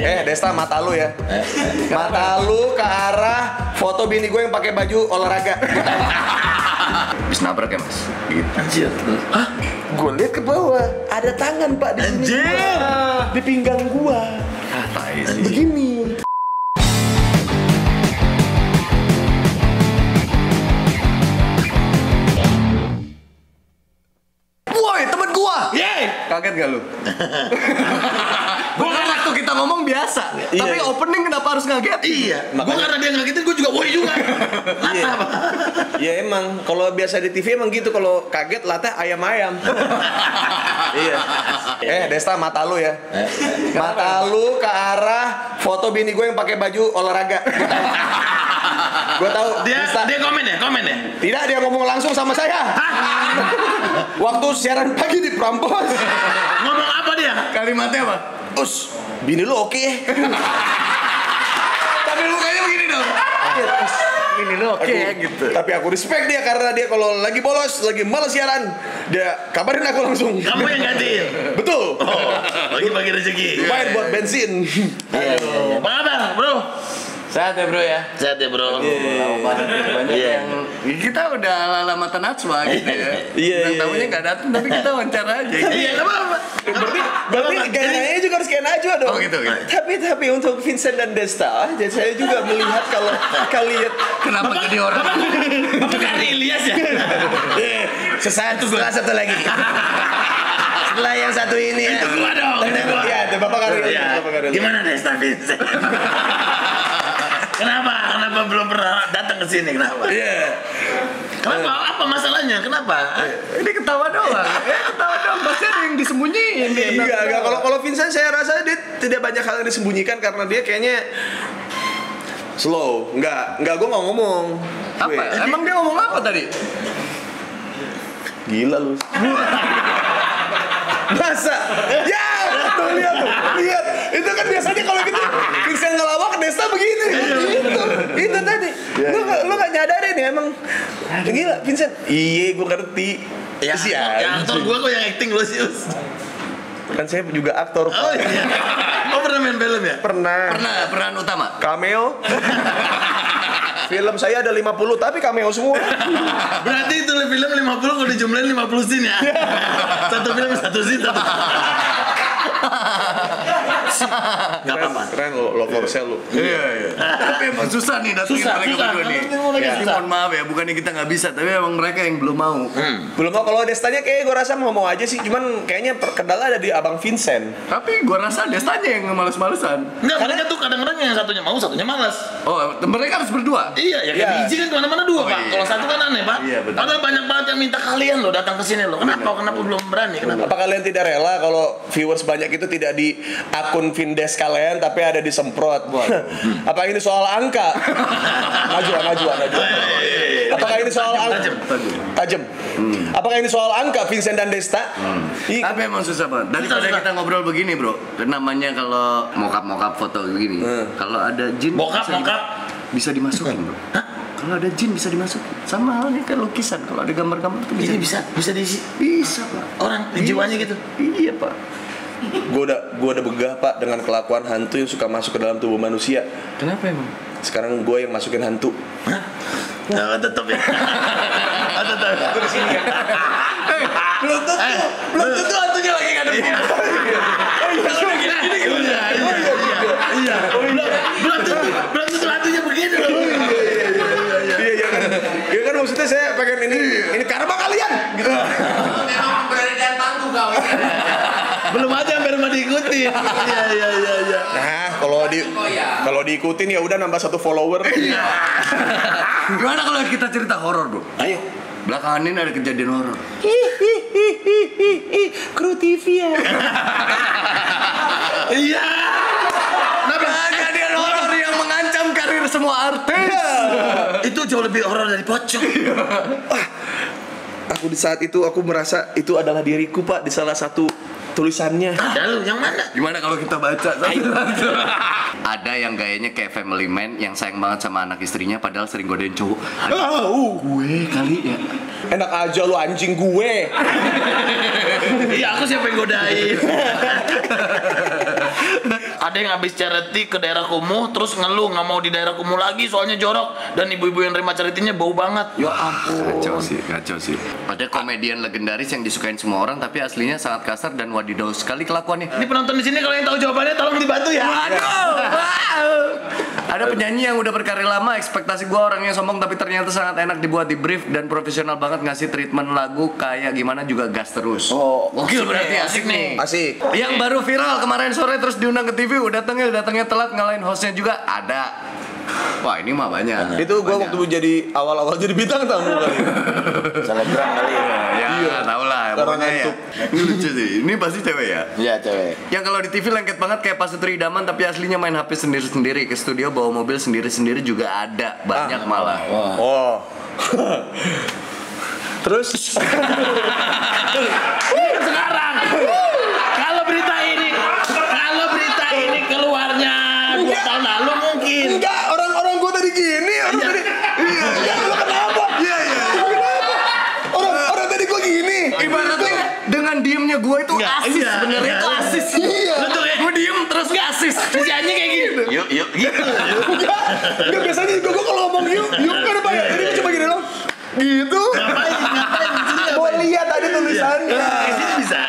Eh, eh, Desta mata lu ya. Mata lu ke arah foto bini gue yang pakai baju olahraga. Habis nabrak ya, Mas? Gitu. Anjir. Hah? Gue lihat ke bawah, ada tangan Pak di Anjir. Di pinggang gua. Ah, Begini. Woi, temen gua. Yeay. Kaget gak lu? Iya, Tapi opening kenapa harus ngaget? Iya. Makanya... Gua karena dia ngagetin gue juga woi juga. iya. Iya emang kalau biasa di TV emang gitu kalau kaget latah ayam-ayam. iya. Eh Desta mata lu ya. Eh. mata lu ke arah foto bini gue yang pakai baju olahraga. gue tahu dia Desta. dia komen ya komen ya tidak dia ngomong langsung sama saya waktu siaran pagi di Prambos ngomong apa dia kalimatnya apa us bini lu oke ya? tapi lu kayaknya begini dong iya, ini lo oke ya, gitu. Tapi aku respect dia karena dia kalau lagi bolos, lagi malas siaran, dia kabarin aku langsung. Kamu yang ganti, Betul. bagi-bagi oh, rezeki. Lumayan buat bensin. Ayo. Bro. Sehat ya bro ya? Sehat ya bro. Iya. Yeah. Iya. Banyak, yang iya. ya, kita udah lama semua gitu ya. Iya. Yeah, iya. tamunya nggak datang tapi kita wawancara aja. Gitu. Iya. Apa apa? Berarti berarti gayanya juga harus kayak Najwa dong. Oh gitu. gitu. Tapi tapi untuk Vincent dan Desta, jadi saya juga melihat kalau kalian kenapa jadi orang? Itu dari kan Ilyas ya. Sesaat gue satu lagi. setelah yang satu ini ya. Itu gua dong. Iya, Bapak Karyo. Gimana Desta Vincent? belum pernah datang ke sini kenapa? Iya. Yeah. Kenapa? Uh, apa masalahnya? Kenapa? Iya. ini ketawa doang. eh, ketawa doang. Pasti ada yang disembunyiin. Iya, enggak. Kalau kalau Vincent saya rasa dia tidak banyak hal yang disembunyikan karena dia kayaknya slow. Enggak, enggak gue nggak ngomong. Apa? Emang dia ngomong apa tadi? Gila lu. Masa? Ya, tuh lihat tuh. Lihat. Itu kan biasanya kalau gitu Vincent ngelawak ke desa begini. Ya, lu, ya. lu gak nyadarin ya emang Aduh. Gila Vincent Iya gue ngerti Ya, ya aktor gue kok yang acting lu sih Kan saya juga aktor Oh pak. iya Oh pernah main film ya? Pernah Pernah peran utama? Cameo Film saya ada 50 tapi cameo semua. Berarti itu film 50 kalau dijumlahin 50 scene ya. Iya. satu film satu scene. Satu. Gak apa-apa. Keren lo, lo for sale lo. Iya, iya. Tapi emang susah nih datangin susah, mereka susah. berdua nih. Ya. Mohon maaf ya, bukannya kita nggak bisa, tapi emang mereka yang belum mau. Hmm. Belum mau. Kalau Destanya kayak gue rasa mau mau aja sih, cuman kayaknya kendala ada di Abang Vincent. Tapi gue rasa Destanya yang males-malesan. Enggak, mereka tuh kadang-kadang yang satunya mau, satunya malas. Oh, mereka harus berdua. Iya, ya kayak iya. biji kan kemana-mana dua oh, pak. Iya. Kalau satu kan aneh pak. Iya, betul. Padahal banyak banget yang minta kalian loh datang ke sini loh. Kenapa? Kenapa belum berani? Kenapa? Apa kalian tidak rela kalau viewers banyak itu tidak di akun Vindes kalian tapi ada di disemprot. apa ini soal angka. maju, maju, maju. Apakah ini soal angka? Tajam. Hmm. Apakah ini soal angka Vincent dan Desta? Hmm. Tapi emang susah banget. Dari susah. kita ngobrol begini, Bro. Namanya kalau mokap-mokap foto begini. Hmm. Kalau ada jin mokap bisa, mokap. Di, bisa dimasukin, Bro. Kalau ada jin bisa dimasukin. Sama halnya kayak lukisan. Kalau ada gambar-gambar itu bisa. Ini bisa, bisa diisi. Bisa, Pak. Orang jiwanya gitu. Iya, Pak gue udah gue udah begah pak dengan kelakuan hantu yang suka masuk ke dalam tubuh manusia kenapa emang sekarang gue yang masukin hantu Hah? Nah, tetep ya. Oh, tetep. Gue di sini ya. Eh, belum tentu, eh. belum tentu hantunya lagi ngadepin. Iya. Oh iya, kalau gini gini gini. Gitu. Oh, iya, gitu. iya, oh, iya. Belum tentu, belum tentu hantunya begini loh. Iya ya kan maksudnya saya pengen ini iya. ini karma kalian gitu iya. memang dan tangguh kau belum aja hampir mau diikuti iya iya iya ya. nah kalau di ya? kalau diikutin ya udah nambah satu follower iya gimana kalau kita cerita horor bro ayo belakangan ini ada kejadian horor kru TV ya iya semua artis. Yeah. itu jauh lebih horor dari pocong. Iya. Ah, aku di saat itu aku merasa itu adalah diriku pak di salah satu tulisannya. Ada lu yang mana? Gimana kalau kita baca? Ada yang gayanya kayak family man yang sayang banget sama anak istrinya padahal sering godain cowok. Oh, gue kali ya. Enak aja lu anjing gue. Iya aku siapa yang godain. ada yang habis charity ke daerah kumuh terus ngeluh nggak mau di daerah kumuh lagi soalnya jorok dan ibu-ibu yang terima charity bau banget. Ya ampun. Kacau sih, kacau sih. Ada komedian legendaris yang disukain semua orang tapi aslinya sangat kasar dan wadidau sekali kelakuannya. Ini penonton di sini kalau yang tahu jawabannya tolong dibantu ya. Waduh. ada penyanyi yang udah berkarir lama, ekspektasi gue orangnya sombong tapi ternyata sangat enak dibuat di brief dan profesional banget ngasih treatment lagu kayak gimana juga gas terus. Oh, gokil berarti asik, asik nih. Asik. Yang baru viral kemarin sore terus di diundang ke TV udah tengil datangnya telat ngalahin hostnya juga ada Wah ini mah banyak. banyak. Itu gue waktu jadi awal-awal jadi bintang tamu kali. Selebgram kali ya. Ya, iya. tau lah. Karena ya. Ini lucu sih. Ini pasti cewek ya? ya cewek. Yang kalau di TV lengket banget kayak pas itu Idaman tapi aslinya main HP sendiri-sendiri ke studio bawa mobil sendiri-sendiri juga ada banyak ah. malah. wah Oh. Terus? diapain? Enggak, orang-orang gue tadi gini, orang iya. tadi. Iya, enggak, iya, lu kenapa? Iya, iya. Kenapa? Orang orang tadi gue gini. Ibaratnya dengan diemnya gue itu nggak iya. asis iya, sebenarnya itu asis. Iya. Lu tuh gue diem terus gak asis. Terus kayak gitu. Yuk, yuk gitu. Enggak. biasanya juga gue kalau ngomong yuk, yuk kan apa ya? tadi gue cuma gini dong. Gitu. Mau lihat tadi tulisannya.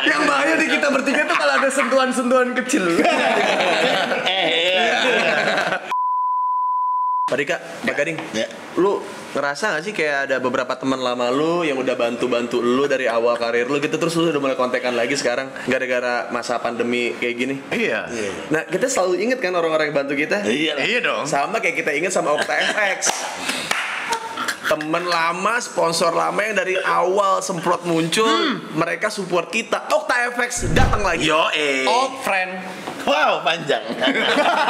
Yang bahaya di kita bertiga tuh kalau ada sentuhan-sentuhan kecil. eh, eh Pak Dika, Pak ya. Gading, ya. lu ngerasa gak sih kayak ada beberapa teman lama lu yang udah bantu-bantu lu dari awal karir lu gitu terus lu udah mulai kontekan lagi sekarang gara-gara masa pandemi kayak gini? Iya. iya. Nah kita selalu inget kan orang-orang yang bantu kita? Iya. Iya dong. Sama kayak kita inget sama Okta FX. temen lama, sponsor lama yang dari awal semprot muncul, hmm. mereka support kita. Okta FX datang lagi. Yo, eh. Oh, Old friend Wow, panjang.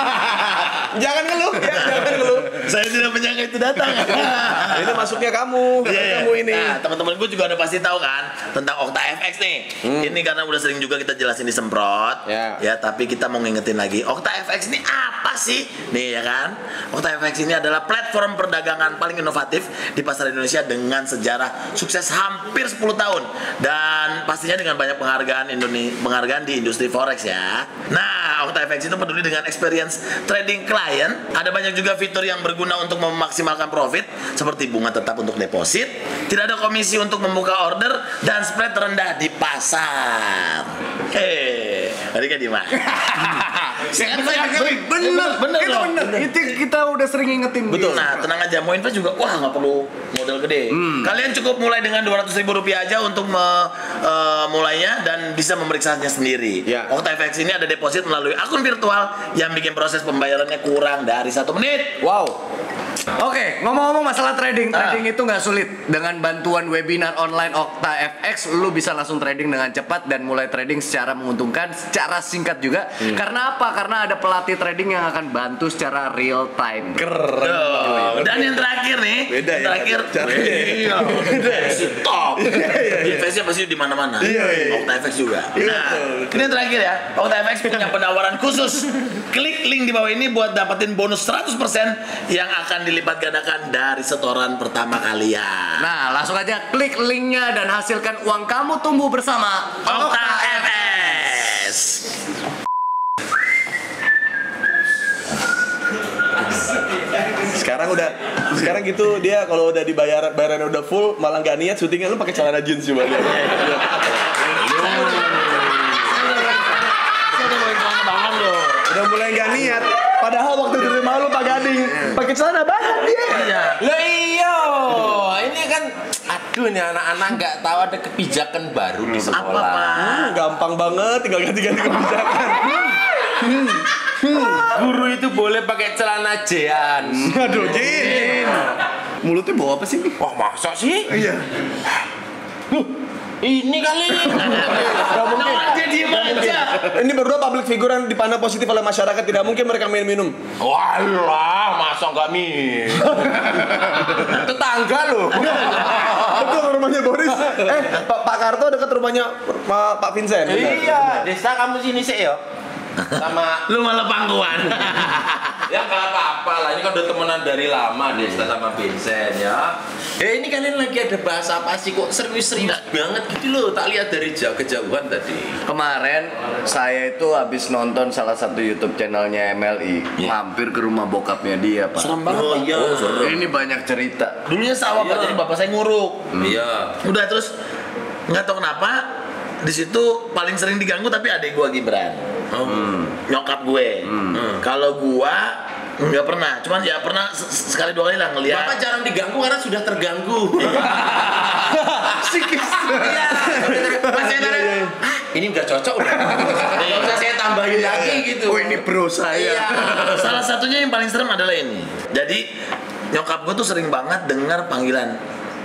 jangan ngeluh, ya, jangan ngeluh. Saya tidak menyangka itu datang. ini masuknya kamu, yeah. Iya. kamu ini. Nah, teman-teman gue juga udah pasti tahu kan tentang Okta FX nih. Hmm. Ini karena udah sering juga kita jelasin disemprot. Yeah. Ya, tapi kita mau ngingetin lagi. Okta FX ini apa sih? Nih ya kan. Okta FX ini adalah platform perdagangan paling inovatif di pasar Indonesia dengan sejarah sukses hampir 10 tahun dan pastinya dengan banyak penghargaan Indonesia penghargaan di industri forex ya. Nah, Nah, FX itu peduli dengan experience trading klien. Ada banyak juga fitur yang berguna untuk memaksimalkan profit, seperti bunga tetap untuk deposit, tidak ada komisi untuk membuka order, dan spread rendah di pasar. Hei, tadi kan dimana? saya bener, bener, bener, itu bener. Itu kita udah sering ingetin. Betul. Nah, tenang aja, mau invest juga, wah nggak perlu modal gede. Hmm. Kalian cukup mulai dengan dua ratus ribu rupiah aja untuk memulainya eh, dan bisa memeriksanya sendiri. Ya. Okta FX ini ada deposit melalui akun virtual yang bikin proses pembayarannya kurang dari satu menit. Wow. Oke, okay, ngomong-ngomong masalah trading, ah. trading ah. itu nggak sulit. Dengan bantuan webinar online Okta FX, lu bisa langsung trading dengan cepat dan mulai trading secara menguntungkan, secara singkat juga. Hmm. Karena apa? Karena ada pelatih trading yang akan bantu secara real time. Keren. dan yang terakhir nih, beda yang terakhir, ya. Terakhir, ya. Ya. iya. iya. Stop. Investnya pasti di mana-mana. Iya, Octa iya. OctaFX juga. Iya, nah, ini yang terakhir ya. OctaFX punya penawaran khusus. Klik link di bawah ini buat dapetin bonus 100% yang akan dilipat gandakan dari setoran pertama kalian. Nah, langsung aja klik linknya dan hasilkan uang kamu tumbuh bersama Yes. sekarang udah sekarang gitu dia kalau udah dibayar bayaran udah full malah nggak niat syutingnya lu pakai celana jeans coba dia udah mulai nggak niat padahal waktu di rumah lu pak gading pakai celana banget dia iya. lo iyo ini kan aduh nih anak-anak nggak tahu ada kebijakan baru di hmm. sekolah hmm, gampang banget tinggal ganti-ganti kebijakan hmm. Guru itu boleh pakai celana jean. Aduh, Jin. Mulutnya bawa apa sih? Wah, oh, masa sih? Iya. Huh, ini kali. Gak mungkin. Ini berdua public figure yang dipandang positif oleh masyarakat. Tidak mungkin mereka minum-minum. Walah, masa nggak minum? Tetangga loh. Betul rumahnya Boris. Eh, Pak, Pak Karto dekat rumahnya Pak, Pak Vincent. Iya, desa kamu sini sih ya sama lu malah pangkuan ya nggak apa-apa lah ini kan udah temenan dari lama hmm. sama Vincent ya eh ini kalian lagi ada bahasa apa sih kok serius-serius banget gitu loh tak lihat dari jauh kejauhan tadi kemarin saya itu habis nonton salah satu YouTube channelnya MLI yeah. mampir ke rumah bokapnya dia pak serem banget oh, iya. oh, serem. ini banyak cerita dulunya sawah iya. pak jadi bapak saya nguruk hmm. iya udah terus nggak tahu kenapa di situ paling sering diganggu tapi ada gua Gibran hmm. nyokap gue hmm. hmm. kalau gue nggak pernah cuman ya pernah sekali dua kali lah ngeliat bapak jarang diganggu karena sudah terganggu Sikis. iya, iya. iya. Ah, ini udah cocok udah iya. nggak saya tambahin lagi gitu oh ini bro saya salah satunya yang paling serem adalah ini jadi nyokap gue tuh sering banget dengar panggilan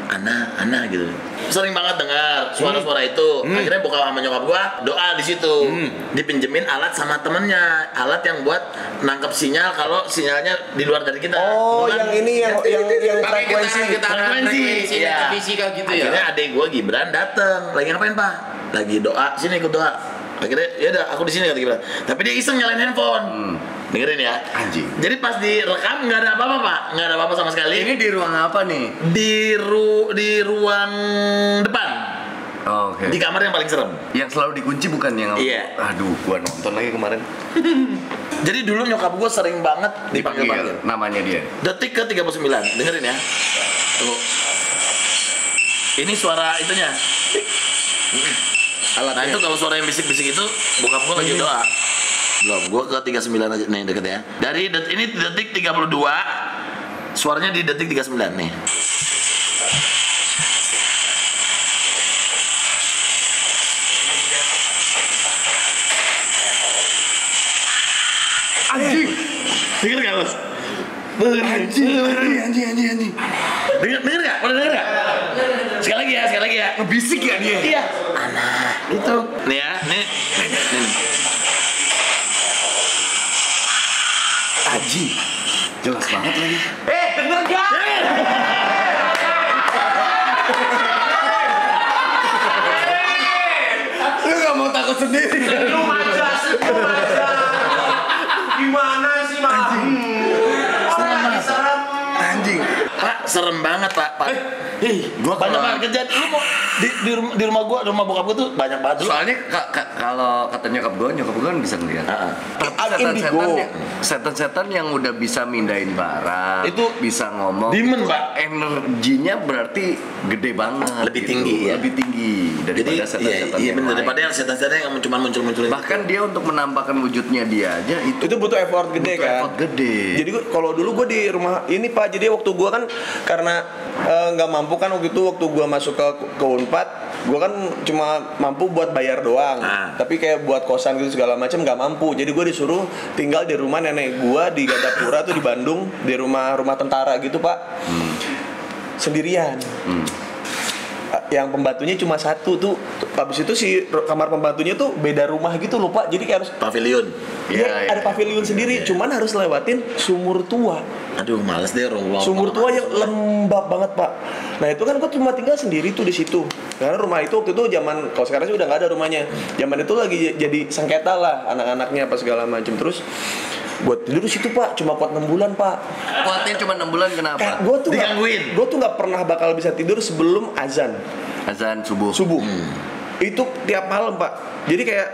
Ana, Ana gitu. Sering banget dengar suara-suara hmm. itu. Hmm. Akhirnya bokap sama nyokap gua doa di situ. Hmm. Dipinjemin alat sama temennya, alat yang buat nangkep sinyal kalau sinyalnya di luar dari kita. Oh, Bukan, yang ini yang yang yang frekuensi. Kita, kita frekuensi. Iya. Fisika gitu ya. Akhirnya adik gua Gibran dateng. Lagi ngapain, Pak? Lagi doa. Sini ikut doa. Akhirnya ya udah aku di sini kata Gibran. Tapi dia iseng nyalain handphone. Hmm dengerin ya anjing jadi pas direkam nggak ada apa-apa pak nggak ada apa-apa sama sekali ini di ruang apa nih di ru di ruang depan Oh, okay. Di kamar yang paling serem. Yang selalu dikunci bukan yang Iya. Aduh, gua nonton lagi kemarin. Jadi dulu nyokap gua sering banget dipanggil-panggil. namanya dia. Detik ke 39. Dengerin ya. Tunggu. Ini suara itunya. Alat nah, itu kalau suara yang bisik-bisik itu bokap gua lagi doa. Belum, gue ke 39 aja nih deket ya. Dari det ini detik 32, suaranya di detik 39 nih. Anjing. Dengar gak bos? Anjing, anjing, anjing, anjing, anjing. Dengar, dengar gak? Udah dengar gak? Sekali lagi ya, sekali lagi ya. Ngebisik ya dia? Iya. Anak, itu. Nih ya, nih nele. serem banget pak pak eh, Ih, gua banyak banget kejadian lu mau di, di, rumah, di rumah gua rumah bokap gue tuh banyak banget soalnya ka, ka, kalau kata nyokap gua nyokap gua kan bisa ngeliat uh, ada setan-setan yang, setan-setan yang udah bisa mindahin barang itu bisa ngomong demon pak energinya berarti gede banget lebih gitu. tinggi ya? lebih tinggi daripada setan-setan iya, iya, yang iya, daripada yang setan-setan yang cuma muncul-muncul bahkan dia untuk menampakkan wujudnya dia aja itu itu butuh effort gede butuh kan effort gede jadi kalau dulu gue di rumah ini pak jadi waktu gue kan karena eh, nggak uh, mampu kan waktu itu waktu gue masuk ke ke unpad gue kan cuma mampu buat bayar doang ah. tapi kayak buat kosan gitu segala macam nggak mampu jadi gue disuruh tinggal di rumah nenek gue di Gadapura tuh di Bandung di rumah rumah tentara gitu pak hmm. sendirian hmm yang pembantunya cuma satu tuh habis itu si kamar pembantunya tuh beda rumah gitu lupa jadi kayak harus pavilion Iya yeah, yeah, ada iya. pavilion yeah, sendiri yeah. cuman harus lewatin sumur tua aduh males deh rumah sumur tua yang lembab banget pak nah itu kan kok cuma tinggal sendiri tuh di situ karena rumah itu waktu itu zaman kalau sekarang sih udah nggak ada rumahnya zaman itu lagi jadi sengketa lah anak-anaknya apa segala macam terus buat tidur di situ pak cuma kuat enam bulan pak kuatnya cuma enam bulan kenapa Kayak gue tuh digangguin gue tuh nggak pernah bakal bisa tidur sebelum azan azan subuh subuh hmm. itu tiap malam pak jadi kayak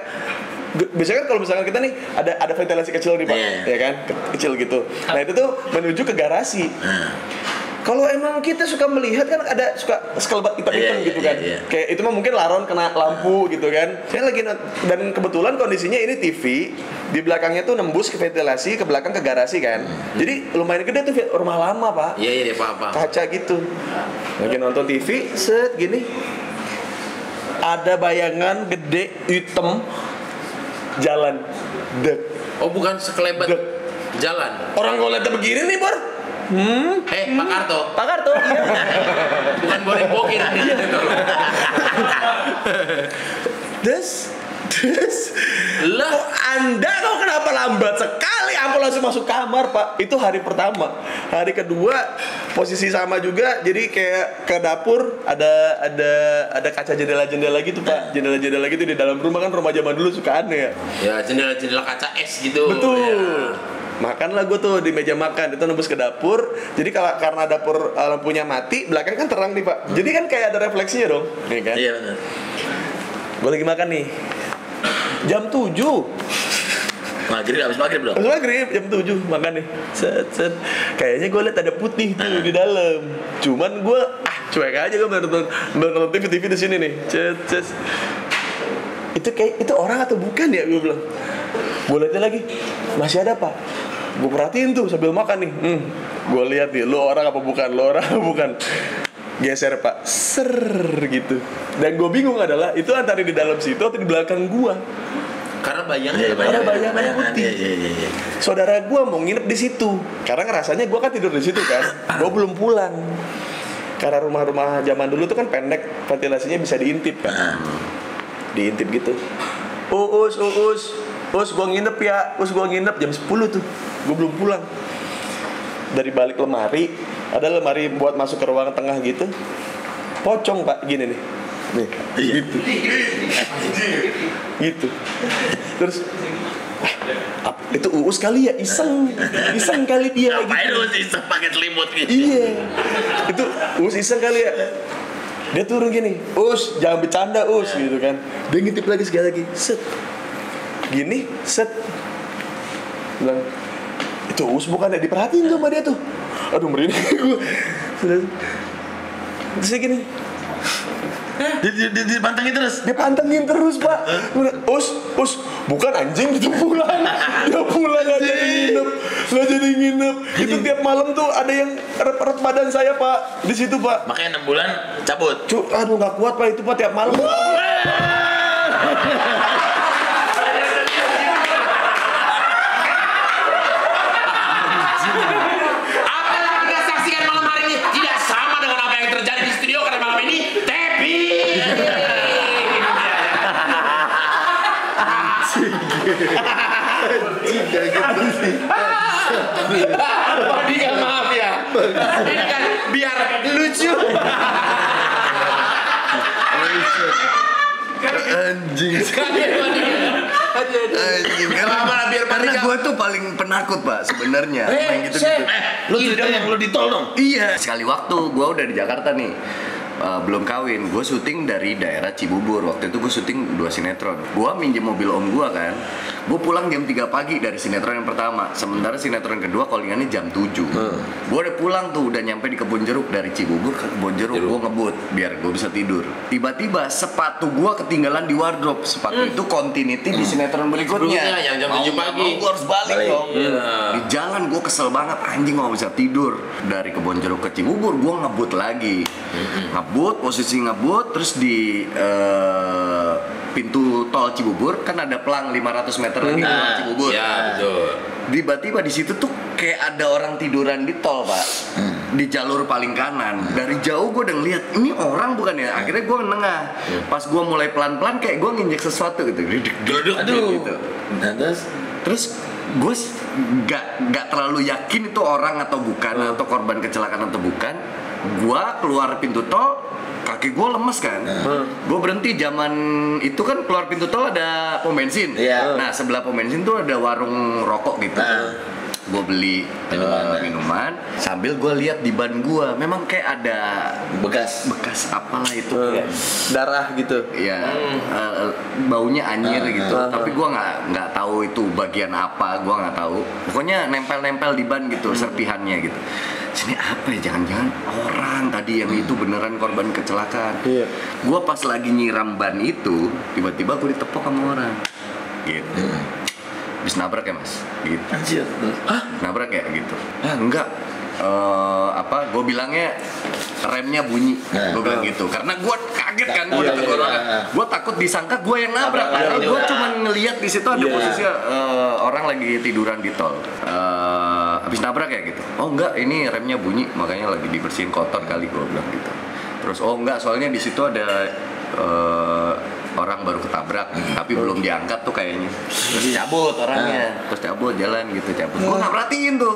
biasanya kan kalau misalkan kita nih ada ada ventilasi kecil nih pak yeah. ya iya kan kecil gitu nah itu tuh menuju ke garasi hmm kalau emang kita suka melihat kan ada suka sekelebat hitam hitam yeah, gitu kan. Yeah, yeah. Kayak itu mah mungkin laron kena lampu ah. gitu kan. Saya lagi dan kebetulan kondisinya ini TV di belakangnya tuh nembus ke ventilasi ke belakang ke garasi kan. Hmm. Jadi lumayan gede tuh rumah lama pak. Iya yeah, iya yeah, Pak, Kaca gitu. Lagi nonton TV set gini ada bayangan gede hitam jalan dek oh bukan sekelebat dek. jalan orang kalau lihat begini nih bor Hmm? Eh, hmm? Pak Karto. Pak Karto. Bukan boleh bokir nih. Terus Terus lah Anda kok kenapa lambat sekali? Aku langsung masuk kamar, Pak. Itu hari pertama. Hari kedua posisi sama juga. Jadi kayak ke dapur ada ada ada kaca jendela-jendela lagi gitu, Pak. Jendela-jendela lagi gitu di dalam rumah kan rumah zaman dulu suka aneh ya. Ya, jendela-jendela kaca es gitu. Betul. Ya makanlah gue tuh di meja makan itu nembus ke dapur jadi kalau karena dapur eh, lampunya mati belakang kan terang nih pak hmm. jadi kan kayak ada refleksinya dong iya kan iya benar gue lagi makan nih jam 7 Maghrib, habis maghrib belum? Habis maghrib, jam 7 makan nih set, set. Kayaknya gue liat ada putih tuh nah. di dalam Cuman gue, ah cuek aja gue nonton, nonton TV-TV di sini nih cet, cet. Itu kayak, itu orang atau bukan ya? Gue bilang gue liatin lagi masih ada pak gue perhatiin tuh sambil makan nih hmm. gue lihat nih lo orang apa bukan lo orang apa bukan geser pak ser gitu dan gue bingung adalah itu antara di dalam situ atau di belakang gue karena bayang ya, iya, karena bayang-bayang iya, putih ya, ya, ya. saudara gue mau nginep di situ karena rasanya gue kan tidur di situ kan gue belum pulang karena rumah-rumah zaman dulu tuh kan pendek ventilasinya bisa diintip kan ah. diintip gitu uus uus bos gue nginep ya, bos gue nginep jam 10 tuh. Gue belum pulang. Dari balik lemari, ada lemari buat masuk ke ruang tengah gitu. Pocong pak, gini nih. Nih, iya. gitu. gitu. Terus Ah, itu uus kali ya iseng iseng kali dia Apa gitu. uus iseng pakai selimut gitu iya itu uus iseng kali ya dia turun gini us jangan bercanda us gitu kan dia ngintip lagi sekali lagi set gini set bilang itu us bukan ada diperhatiin tuh sama dia tuh aduh merinding gue terus saya gini di, di, di, di pantengin terus dia pantengin terus pak us us bukan anjing itu pulang dia pulang aja jadi nginep nggak jadi nginep itu tiap malam tuh ada yang rep rep badan saya pak di situ pak makanya enam bulan cabut Cuk, aduh nggak kuat pak itu pak tiap malam ini kan biar lucu anjing anjing kenapa biar karena gue tuh paling penakut pak sebenarnya eh, main gitu gitu eh, lu iya. tidak yang lu ditolong. iya sekali waktu gue udah di Jakarta nih uh, belum kawin gue syuting dari daerah Cibubur waktu itu gue syuting dua sinetron gue minjem mobil om gue kan gue pulang jam 3 pagi dari sinetron yang pertama sementara sinetron kedua callingannya jam 7 hmm. gue udah pulang tuh udah nyampe di kebun jeruk dari Cibubur ke kebun jeruk, gue ngebut biar gue bisa tidur tiba-tiba sepatu gue ketinggalan di wardrobe sepatu hmm. itu continuity hmm. di sinetron berikutnya yang jam 7 pagi gue harus balik, balik. dong yeah. Hmm. di jalan gue kesel banget anjing gak bisa tidur dari kebun jeruk ke Cibubur gue ngebut lagi hmm ngebut posisi ngebut terus di uh, pintu tol Cibubur kan ada pelang 500 meter lagi nah, tol Cibubur ya tiba-tiba di situ tuh kayak ada orang tiduran di tol pak hmm. di jalur paling kanan hmm. dari jauh gue udah ngeliat ini orang bukan ya hmm. akhirnya gue nengah hmm. pas gue mulai pelan-pelan kayak gue nginjek sesuatu gitu duduk gitu nah, terus terus gue gak, nggak terlalu yakin itu orang atau bukan atau korban kecelakaan atau bukan gua keluar pintu tol kaki gua lemes kan uh. Nah. gue berhenti zaman itu kan keluar pintu tol ada pom bensin yeah. nah sebelah pom bensin tuh ada warung rokok gitu uh gue beli minuman, uh, minuman sambil gue lihat di ban gue memang kayak ada bekas bekas apalah itu uh, darah gitu ya hmm. uh, baunya anjir uh, gitu uh, tapi gue nggak nggak tahu itu bagian apa gue nggak tahu pokoknya nempel-nempel di ban gitu hmm. serpihannya gitu sini apa ya jangan-jangan orang tadi yang hmm. itu beneran korban kecelakaan iya. gue pas lagi nyiram ban itu tiba-tiba gue ditepok sama orang gitu uh, bis nabrak ya mas gitu anjir Hah? nabrak ya gitu ah enggak uh, apa gue bilangnya remnya bunyi nah. gue bilang gitu karena gue kaget kan gue iya, iya, gue iya. takut disangka gue yang nabrak karena iya, gue iya. cuma ngelihat di situ ada posisi eh, orang lagi tiduran di tol uh, habis nabrak ya gitu oh enggak ini remnya bunyi makanya lagi dibersihin kotor kali gue bilang gitu terus oh enggak soalnya di situ ada uh, orang baru ketabrak hmm. tapi belum diangkat tuh kayaknya terus cabut orangnya nah, terus cabut jalan gitu cabut gue hmm. nggak perhatiin tuh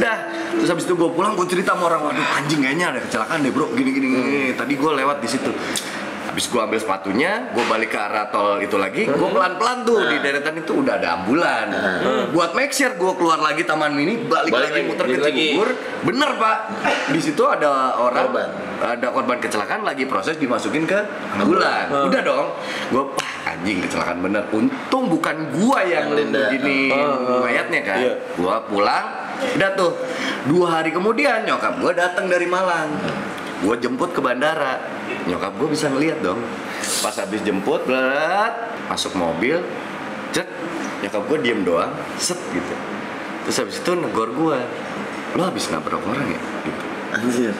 dah terus habis itu gue pulang gue cerita sama orang waduh anjing kayaknya ada kecelakaan deh bro gini gini, gini. tadi gue lewat di situ habis gue ambil sepatunya gue balik ke arah tol itu lagi gue hmm. pelan pelan tuh di hmm. deretan itu udah ada ambulan hmm. buat make sure gue keluar lagi taman mini balik, lagi muter ke Cibubur bener pak di situ ada orang ada korban kecelakaan lagi proses dimasukin ke ambulan udah dong gue anjing kecelakaan bener untung bukan gua yang begini mayatnya kan iya. gua pulang udah tuh dua hari kemudian nyokap gue datang dari Malang gue jemput ke bandara nyokap gue bisa ngeliat dong pas habis jemput berat masuk mobil cek nyokap gue diem doang set gitu terus habis itu negor gue lo habis nabrak orang ya gitu anjir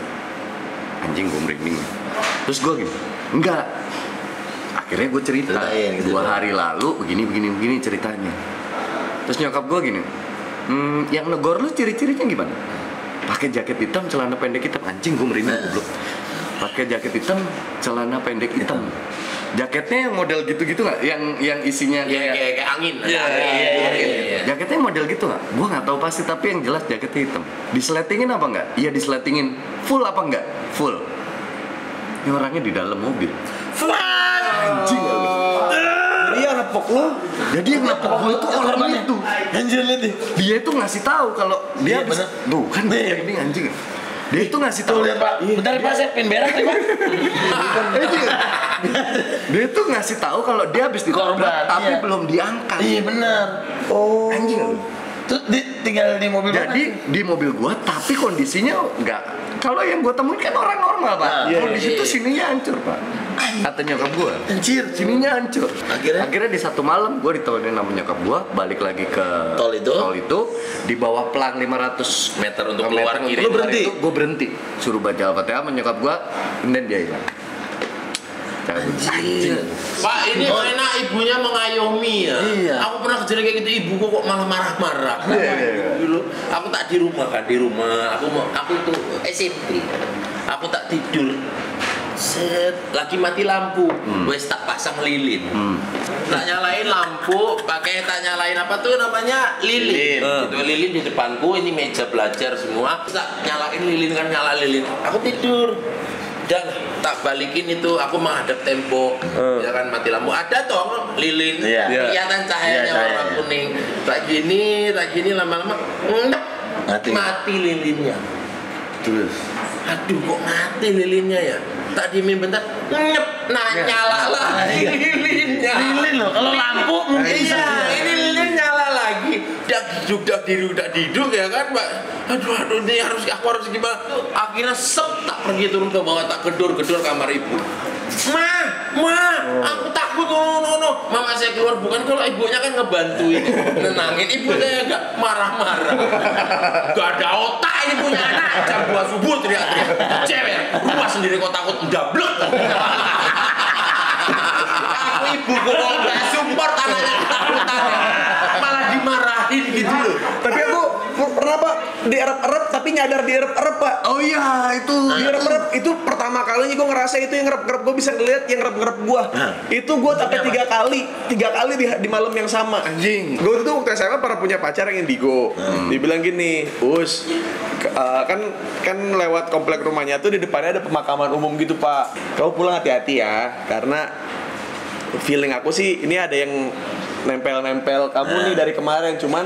anjing gue merinding ya. terus gue gitu enggak akhirnya gue cerita Ceritain, gitu dua hari lalu begini begini begini ceritanya terus nyokap gue gini hmm, yang negor lo ciri-cirinya gimana pakai jaket hitam celana pendek hitam anjing gue merinding goblok pakai jaket hitam celana pendek hitam, jaketnya model gitu-gitu nggak yang yang isinya ya, kayak, kayak, kayak angin ya, ya, ya, ya, jaketnya model gitu nggak gue nggak tahu pasti tapi yang jelas jaketnya hitam disletingin apa nggak iya disletingin full apa nggak full ini orangnya di dalam mobil full anjing oh. Jadi ya, yang nepok lo jadi yang nepok lo itu orang itu anjing lihat dia itu ngasih tahu kalau iya, dia bisa, tuh kan dia ini anjing dia itu ngasih tahu lihat pak iya, bentar pak saya pin berak nih pak iya, iya. dia itu ngasih tahu kalau dia habis dikorban iya. tapi belum diangkat iya benar oh anjing di tinggal di mobil jadi di mobil gua tapi kondisinya enggak kalau yang gue temuin kan orang normal pak nah, kalau iya, di situ iya, iya. sininya hancur pak kata nyokap gue anjir sininya hancur akhirnya akhirnya di satu malam gue ditolongin sama nyokap gue balik lagi ke tol itu tol itu di bawah pelang 500 meter untuk keluar kiri lu berhenti gue berhenti suruh baca apa fatihah menyokap gue kemudian dia hilang pak ini oh. karena ibunya mengayomi ya iya. aku pernah kejadian kayak gitu ibuku kok malah marah-marah iya, iya, iya. aku tak di rumah kan di rumah aku mau aku itu SMP aku tak tidur set lagi mati lampu hmm. wes tak pasang lilin hmm. tak nyalain lampu pakai tak nyalain apa tuh namanya lilin, lilin. Hmm. lilin di depanku ini meja belajar semua tak nyalain lilin kan nyala lilin aku tidur dan tak balikin itu aku menghadap tembok hmm. ya kan mati lampu ada dong lilin yeah. yeah. kelihatan iya, cahayanya yeah, warna kuning tak gini tak gini lama-lama mati. mati lilinnya terus aduh kok mati lilinnya ya tak diemin bentar nyep nah iya. nyala lagi iya. lilinnya lilin loh kalau lampu mungkin iya ini dudak dirudak diduk ya kan pak aduh aduh ini harus aku harus gimana akhirnya sep tak pergi turun ke bawah tak gedor gedor kamar ibu ma ma oh. aku takut no no no mama saya keluar bukan kalau ibunya kan ngebantuin nenangin ibu saya agak marah-marah gak ada otak ini punya anak jam dua subuh teriak-teriak cewek rumah sendiri kok takut dablok aku ibu kok nggak support anaknya ketakutan Iya gitu loh. Tapi aku pernah pak di erep-erep tapi nyadar di erep-erep pak. Oh iya itu. Di erep-erep itu pertama kalinya gue ngerasa itu yang ngerep-ngerep gue bisa ngeliat yang ngerep-ngerep gue. Nah. Itu gue sampai tiga kali, tiga kali di, di malam yang sama. Anjing. Gue itu waktu SMA pernah punya pacar yang indigo. Hmm. Dibilang gini, us uh, kan kan lewat komplek rumahnya tuh di depannya ada pemakaman umum gitu pak. Kau pulang hati-hati ya karena feeling aku sih ini ada yang nempel-nempel kamu nih dari kemarin cuman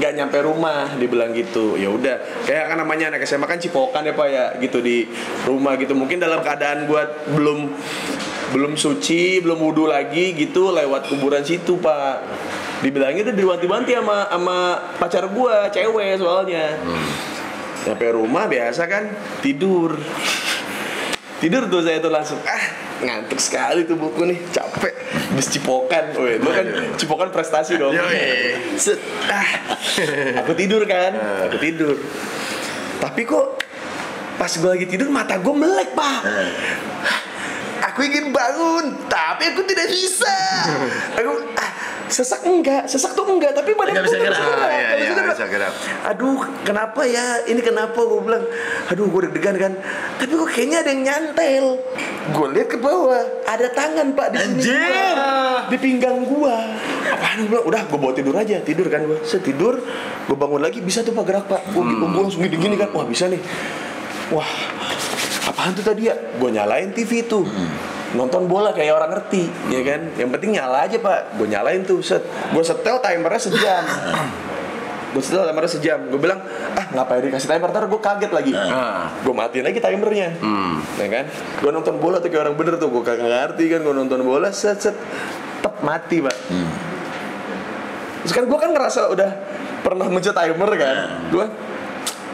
nggak nyampe rumah dibilang gitu ya udah kayak kan namanya anak SMA kan cipokan ya pak ya gitu di rumah gitu mungkin dalam keadaan buat belum belum suci belum wudhu lagi gitu lewat kuburan situ pak dibilangnya tuh diwanti-wanti sama sama pacar gua cewek soalnya hmm. nyampe rumah biasa kan tidur tidur tuh saya tuh langsung ah ngantuk sekali tuh buku nih cap di Cipokan, woi, oh, iya, lu kan iya, iya. Cipokan prestasi dong. Set, ah. Aku tidur kan, ah. aku tidur. Tapi kok pas gue lagi tidur mata gue melek pak. Ah aku ingin bangun tapi aku tidak bisa aku ah, sesak enggak sesak tuh enggak tapi badan bisa gerak bisa gerak. aduh kenapa ya ini kenapa gue bilang aduh gue deg-degan kan tapi kok kayaknya ada yang nyantel gue lihat ke bawah ada tangan pak di sini Anjir. di pinggang gue apaan gue bilang udah gue bawa tidur aja tidur kan gue setidur gue bangun lagi bisa tuh pak gerak pak gue hmm. langsung gini gini kan wah bisa nih wah apaan tuh tadi ya gue nyalain TV itu hmm. nonton bola kayak orang ngerti hmm. ya kan yang penting nyala aja pak gue nyalain tuh set gue setel timernya sejam gue setel timernya sejam gue bilang ah ngapain dikasih timer ntar gue kaget lagi Hmm. gue matiin lagi timernya hmm. ya kan gue nonton bola tuh kayak orang bener tuh gue kagak ngerti kan gue nonton bola set set tep mati pak hmm. terus kan gue kan ngerasa udah pernah mencet timer kan hmm. gue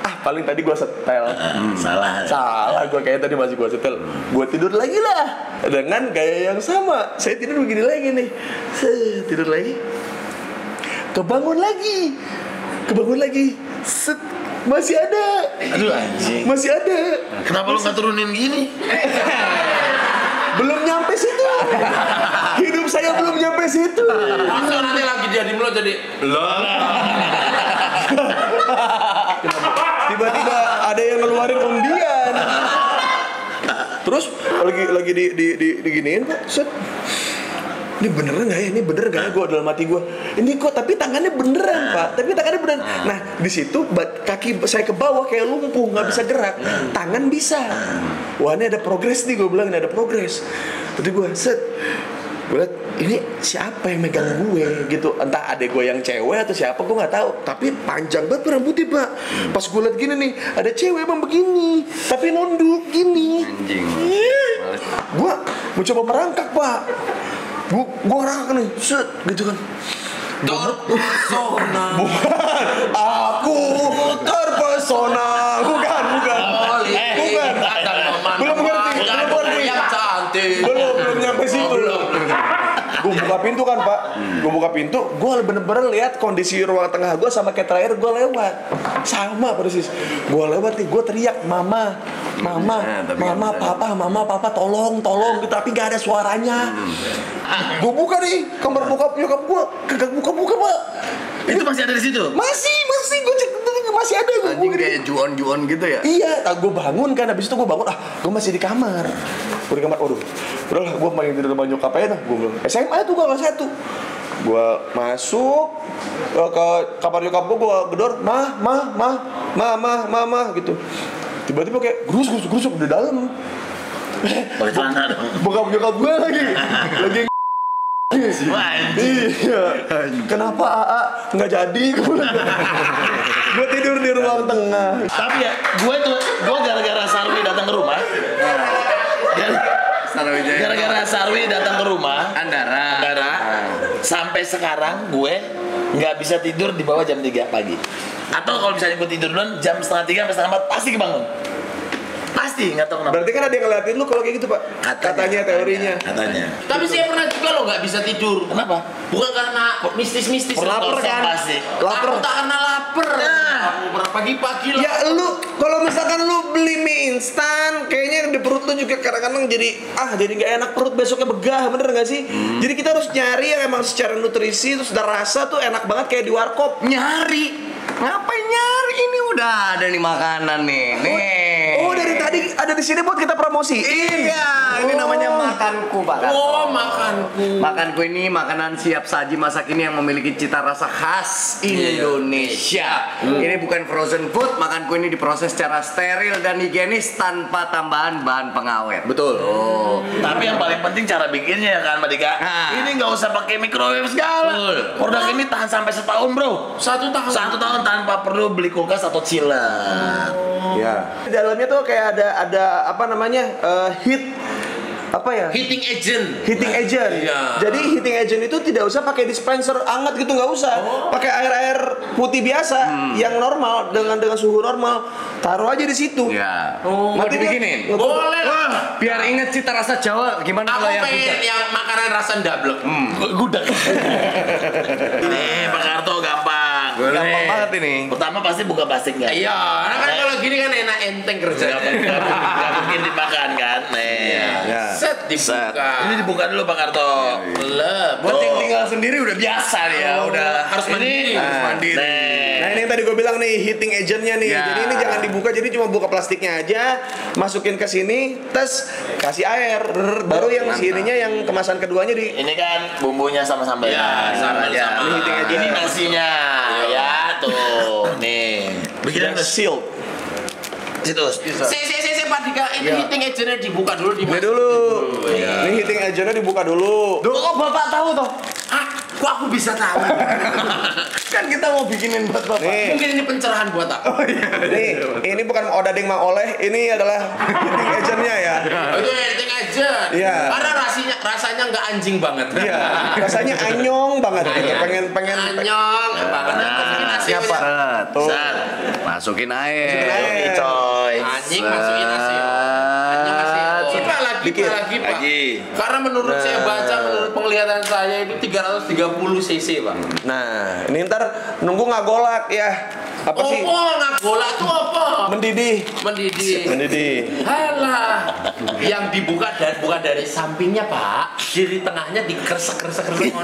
ah paling tadi gue setel ah, ah, hmm. salah salah gue kayak tadi masih gue setel gue tidur lagi lah dengan gaya yang sama saya tidur begini lagi nih se tidur lagi kebangun lagi kebangun lagi set masih ada aduh anjing masih ada kenapa lu nggak turunin gini belum nyampe situ hidup saya belum nyampe situ masa nanti lagi jadi mulut jadi lo tiba-tiba ada yang ngeluarin undian terus lagi lagi di di di diginiin pak set ini beneran gak ya ini bener gak ya gue dalam mati gue ini kok tapi tangannya beneran pak tapi tangannya beneran nah di situ kaki saya ke bawah kayak lumpuh nggak bisa gerak tangan bisa wah ini ada progres nih gue bilang ini ada progres tapi gue set gue ini siapa yang megang gue gitu entah ada gue yang cewek atau siapa gue nggak tahu tapi panjang banget rambutnya pak hmm. pas gue liat gini nih ada cewek emang begini tapi nunduk gini iya. gue mencoba merangkak pak gue gue rangkak nih set gitu kan terpesona bukan aku terpesona bukan buka pintu kan pak hmm. gue buka pintu gue bener-bener lihat kondisi ruang tengah gue sama kayak terakhir gue lewat sama persis gue lewat nih gue teriak mama mama hmm, nah, mama papa mama papa tolong tolong gitu, tapi gak ada suaranya hmm. gue buka nih kamar buka nyokap gue kagak buka-buka pak itu masih ada di situ masih masih gue cek masih ada gue anjing kayak juon juon gitu ya iya tak gue bangun kan habis itu gue bangun ah gue masih di kamar gue di kamar waduh udah lah gue main di rumah nyokap aja dah gue bilang SMA tuh gue kelas satu gue masuk eh, ke kamar nyokap gue gue gedor mah mah mah mah mah mah mah gitu tiba-tiba kayak gerus gerus gerus udah dalam Pakai buka nyokap gue lagi. lagi iya. Kenapa AA nggak jadi? gue tidur di ruang tengah. Tapi ya, gue tuh, gue gara-gara Sarwi datang ke rumah. Gara-gara Sarwi datang ke rumah. Andara. Andara. Sampai sekarang gue nggak bisa tidur di bawah jam 3 pagi. Atau kalau misalnya gue tidur duluan jam setengah tiga sampai setengah empat pasti kebangun. Pasti, nggak tahu kenapa. Berarti kan ada yang ngeliatin lu kalau kayak gitu, Pak. Katanya, katanya teorinya. Katanya. Tapi saya pernah juga lo nggak bisa tidur. Kenapa? Bukan karena mistis-mistis lapar kan? Pasti. Lapar. tak karena lapar. Nah. Aku pagi-pagi lah. Ya lu kalau misalkan lu beli mie instan, kayaknya di perut lu juga kadang-kadang jadi ah jadi nggak enak perut besoknya begah, bener nggak sih? Hmm. Jadi kita harus nyari yang emang secara nutrisi terus udah rasa tuh enak banget kayak di warkop. Nyari. Ngapain nyari? Ini udah ada nih makanan nih. Nih. Oh, oh dari jadi ada di sini buat kita promosi. Iya, ini namanya oh. makanku Pak Oh, Oh, makanku. Makanku ini makanan siap saji masak ini yang memiliki cita rasa khas iya, iya. Indonesia. Hmm. Ini bukan frozen food, makanku ini diproses secara steril dan higienis tanpa tambahan bahan pengawet. Betul. Oh. Tapi yang paling penting cara bikinnya ya kan, Madika? Dika. Nah. Ini nggak usah pakai microwave segala. Produk ini tahan sampai setahun, Bro. Satu tahun. Satu tahun tanpa perlu beli kulkas atau chiller. Oh. Ya. Di dalamnya tuh kayak ada ada apa namanya uh, hit apa ya? Heating agent. Heating agent. Iya. Jadi heating agent itu tidak usah pakai dispenser anget gitu nggak usah. Oh. Pakai air air putih biasa hmm. yang normal dengan dengan suhu normal. Taruh aja di situ. ya. Oh, mau dibikinin. Boleh lah. Biar inget cita rasa Jawa gimana Aku yang pengen yang makanan rasa double Hmm. gudeg Nih, Pak Karto boleh. Gampang banget ini. Pertama pasti buka plastik Iya, karena kan nah. kalau gini kan enak enteng kerjanya. Enggak mungkin dimakan kan. Nih. Iya. Ya. Set dibuka. Set. Ini dibuka dulu Bang Arto. Ya, iya. Penting iya. oh. tinggal sendiri udah biasa nih ya, oh. udah harus mandiri, nah, harus mandiri. Nah, nah ini yang tadi gue bilang nih heating agentnya nih. Ya. Jadi ini jangan dibuka, jadi cuma buka plastiknya aja, masukin ke sini, tes kasih air, baru yang Mantap. sininya yang kemasan keduanya di. Ini kan bumbunya sama sambal. Ya, sama, aja Ini heating agent. Ini nasinya, ya, ya tuh, nih. situ sealed. si, Si si Pak Dika, ini ya. hitting agentnya dibuka dulu di Ini dulu. ya. Ini hitting agentnya dibuka dulu. Duh, kok Bapak tahu toh? Ah, kok aku bisa tahu? kan kita mau bikinin buat Bapak. Nih. Mungkin ini pencerahan buat aku. Oh, iya. Nih, ini bukan odading mang oleh, ini adalah hitting agentnya ya. Oh, itu iya, hitting agent. Iya. Karena rasanya rasanya nggak anjing banget. Iya. rasanya anyong banget. Ayah. Pengen pengen anyong pengen, banget. Nah, siapa? Satu. Satu Masukin aja. Masukin aja nah. coy. Anjing masukin aja. Kita lagi, masukin lagi, Pak. Lagi. Karena menurut saya nah. baca, menurut penglihatan saya itu 330 cc, Pak. Nah, ini ntar nunggu nggak golak ya apa sih? Opo anak bola tuh apa? Mendidih. Mendidih. Mendidih. Halah. Yang dibuka dan bukan dari sampingnya, Pak. Kiri tengahnya dikersek-kersek-kersek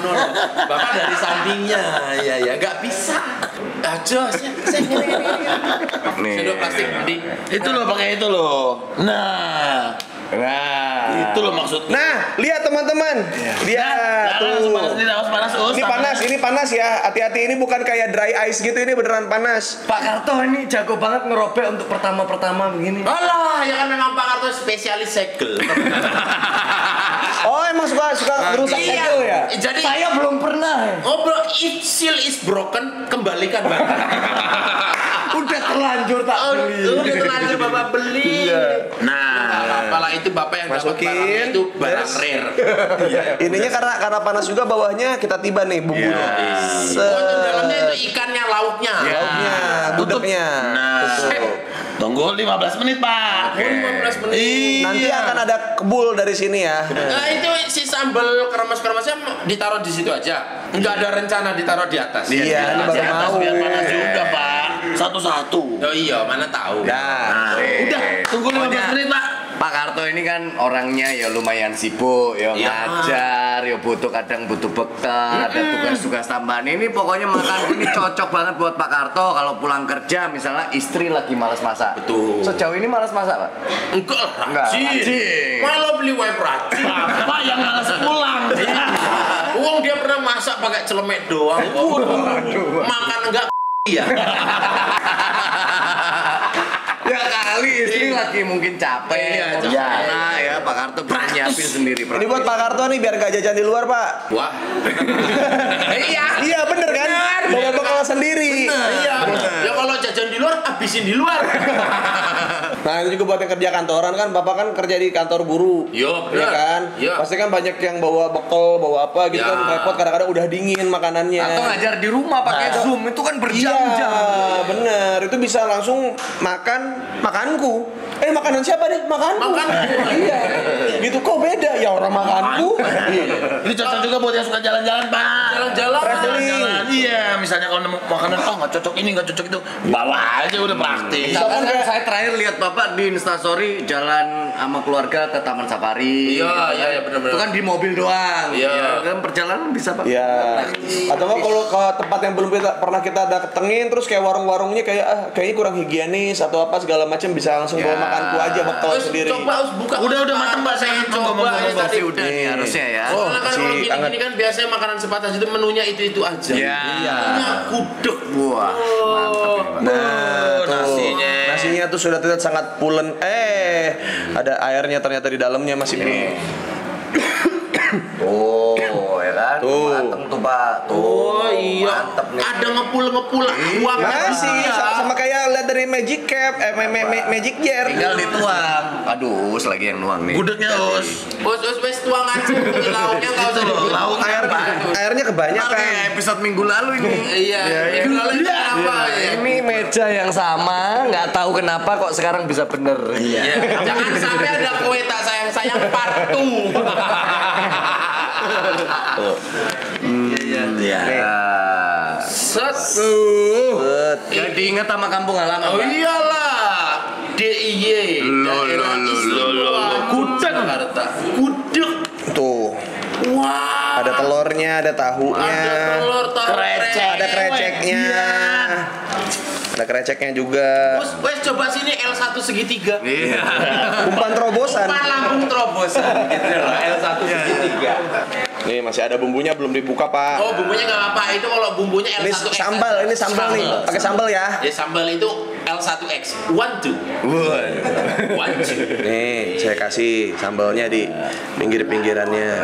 Bapak dari sampingnya. Ya ya, nggak bisa. Aja, ini Sendok plastik di. Itu loh pakai itu loh. Nah. Nah, itu loh maksudnya. Nah, lihat teman-teman. Ya. Lihat nah, tuh. Panas, panas, panas, ini panas, ini panas ya. Hati-hati ini bukan kayak dry ice gitu, ini beneran panas. Pak Karto ini jago banget ngerobek untuk pertama-pertama begini. Alah, ya kan memang Pak Karto spesialis segel. oh, emang suka suka merusak nah, iya. segel ya? Jadi saya belum pernah. Ya. oh bro if seal is broken, kembalikan barang. udah terlanjur tak oh, beli. Oh, udah terlanjur bapak beli. Iya. Nah, apalah itu bapak yang masukin itu barang yes. rare. Iya. Ininya karena karena panas juga bawahnya kita tiba nih bumbunya. Yeah. Oh, Se- dalamnya itu ikannya, lauknya. Yeah. Lauknya, budaknya. Nah, Tunggu 15 menit, Pak. Okay. 15 menit. Iya. Nanti akan ada kebul dari sini ya. Nah, itu si sambal kremes-kremesnya ditaruh di situ aja. Enggak ada rencana ditaruh di atas. Iya, ya, ini baru mau. Biar panas juga, Pak. Satu-satu. Oh iya, mana tahu. Nah, nah udah tunggu 15 menit, Pak. Pak Karto ini kan orangnya ya lumayan sibuk, ya, iya. ngajar, ya butuh kadang butuh bekal, ada tugas-tugas tambahan. Ini pokoknya makan ini cocok banget buat Pak Karto kalau pulang kerja misalnya istri lagi malas masak. Betul. Sejauh ini malas masak, Pak? Enggak, enggak. Kalau beli wipe apa yang malas pulang? Uang dia pernah masak pakai celemek doang. Makan enggak Iya. ya kali ini iya. lagi mungkin capek. Iya, iya. capek. Ya, ya, ya Pak Karto bisa nyiapin sendiri. Ini buat Pak Karto nih biar gak jajan di luar Pak. Wah. iya. Iya bener kan? Bener. Bawa bekal sendiri. Bener. Iya. Bener. Ya kalau jajan di luar habisin di luar. Nah itu juga buat yang kerja kantoran kan, bapak kan kerja di kantor buru, Yo, iya bener. ya kan? Yo. Pasti kan banyak yang bawa bekal, bawa apa gitu ya. kan repot kadang-kadang udah dingin makanannya. Atau ngajar di rumah pakai nah, zoom itu kan berjam-jam. Iya, bener. Itu bisa langsung makan makanku. Eh makanan siapa deh? Makanku. Makanku. iya. Gitu kok beda ya orang makanku. Iya. ini cocok juga buat yang suka jalan-jalan pak. Jalan-jalan. Traveling. Iya, misalnya kalau makanan oh nggak cocok ini nggak cocok itu bawa aja udah praktis. Misalkan kan, saya terakhir lihat pak bapak di instastory jalan sama keluarga ke Taman Safari. Iya, iya, ya, benar-benar. Itu kan di mobil doang. Iya. iya. Kan perjalanan bisa pak. Iya. Atau nggak kalau ke tempat yang belum kita pernah kita datengin, terus kayak warung-warungnya kayak ah, kayaknya kurang higienis atau apa segala macam bisa langsung ya. bawa iya. makan ku aja bekal sendiri. Coba harus buka. Udah udah matang pak saya coba ngomong-ngomong sih udah nih harusnya ya. Oh, karena kan kalau gini-gini kan biasanya makanan sebatas itu menunya itu-itu aja. Iya. Punya buah. Oh. Mantap. Nah, nasinya airnya tuh sudah terlihat sangat pulen. Eh, ada airnya ternyata di dalamnya masih belum. Iya. Oh, ya kan? Tuh. Mantep tuh, Pak. Tuh. Oh, iya. Mantep nih. Ada ngepul-ngepul iya. uang -ngepul masih ya. sama, sama kayak lihat dari Magic Cap, eh ma ma ma Magic Gear. Tinggal dituang. Aduh, us lagi yang nuang nih. Gudegnya us. Us us wes tuang aja. Lauknya enggak usah dibuang. Lauk air, Pak. Airnya kebanyakan. Kayak episode minggu lalu ini. iya. iya, iya. Minggu lalu ini apa Iya. Ini meja yang sama, nggak tahu kenapa kok sekarang bisa bener. Iya. Jangan sampai ada kue tak sayang-sayang partu oh. iya iya satu jadi ingat sama kampung halaman oh iyalah DIY lo lo lo lo lo Kudeng. Jakarta kudek tuh wah ada telurnya ada tahunya ada telur tahu krecek ada kreceknya iya. ada kreceknya juga. Wes, coba sini L1 segitiga. Iya. Yeah. Umpan terobosan. Umpan lambung terobosan iya. gitu loh, L1 segitiga. Iya. Nih masih ada bumbunya belum dibuka pak. Oh bumbunya nggak apa-apa itu kalau bumbunya L1X. Ini sambal, ini sambal, sambal. nih. Pakai sambal ya. Ya sambal itu L1X one two. One. one two. Nih saya kasih sambalnya di pinggir pinggirannya.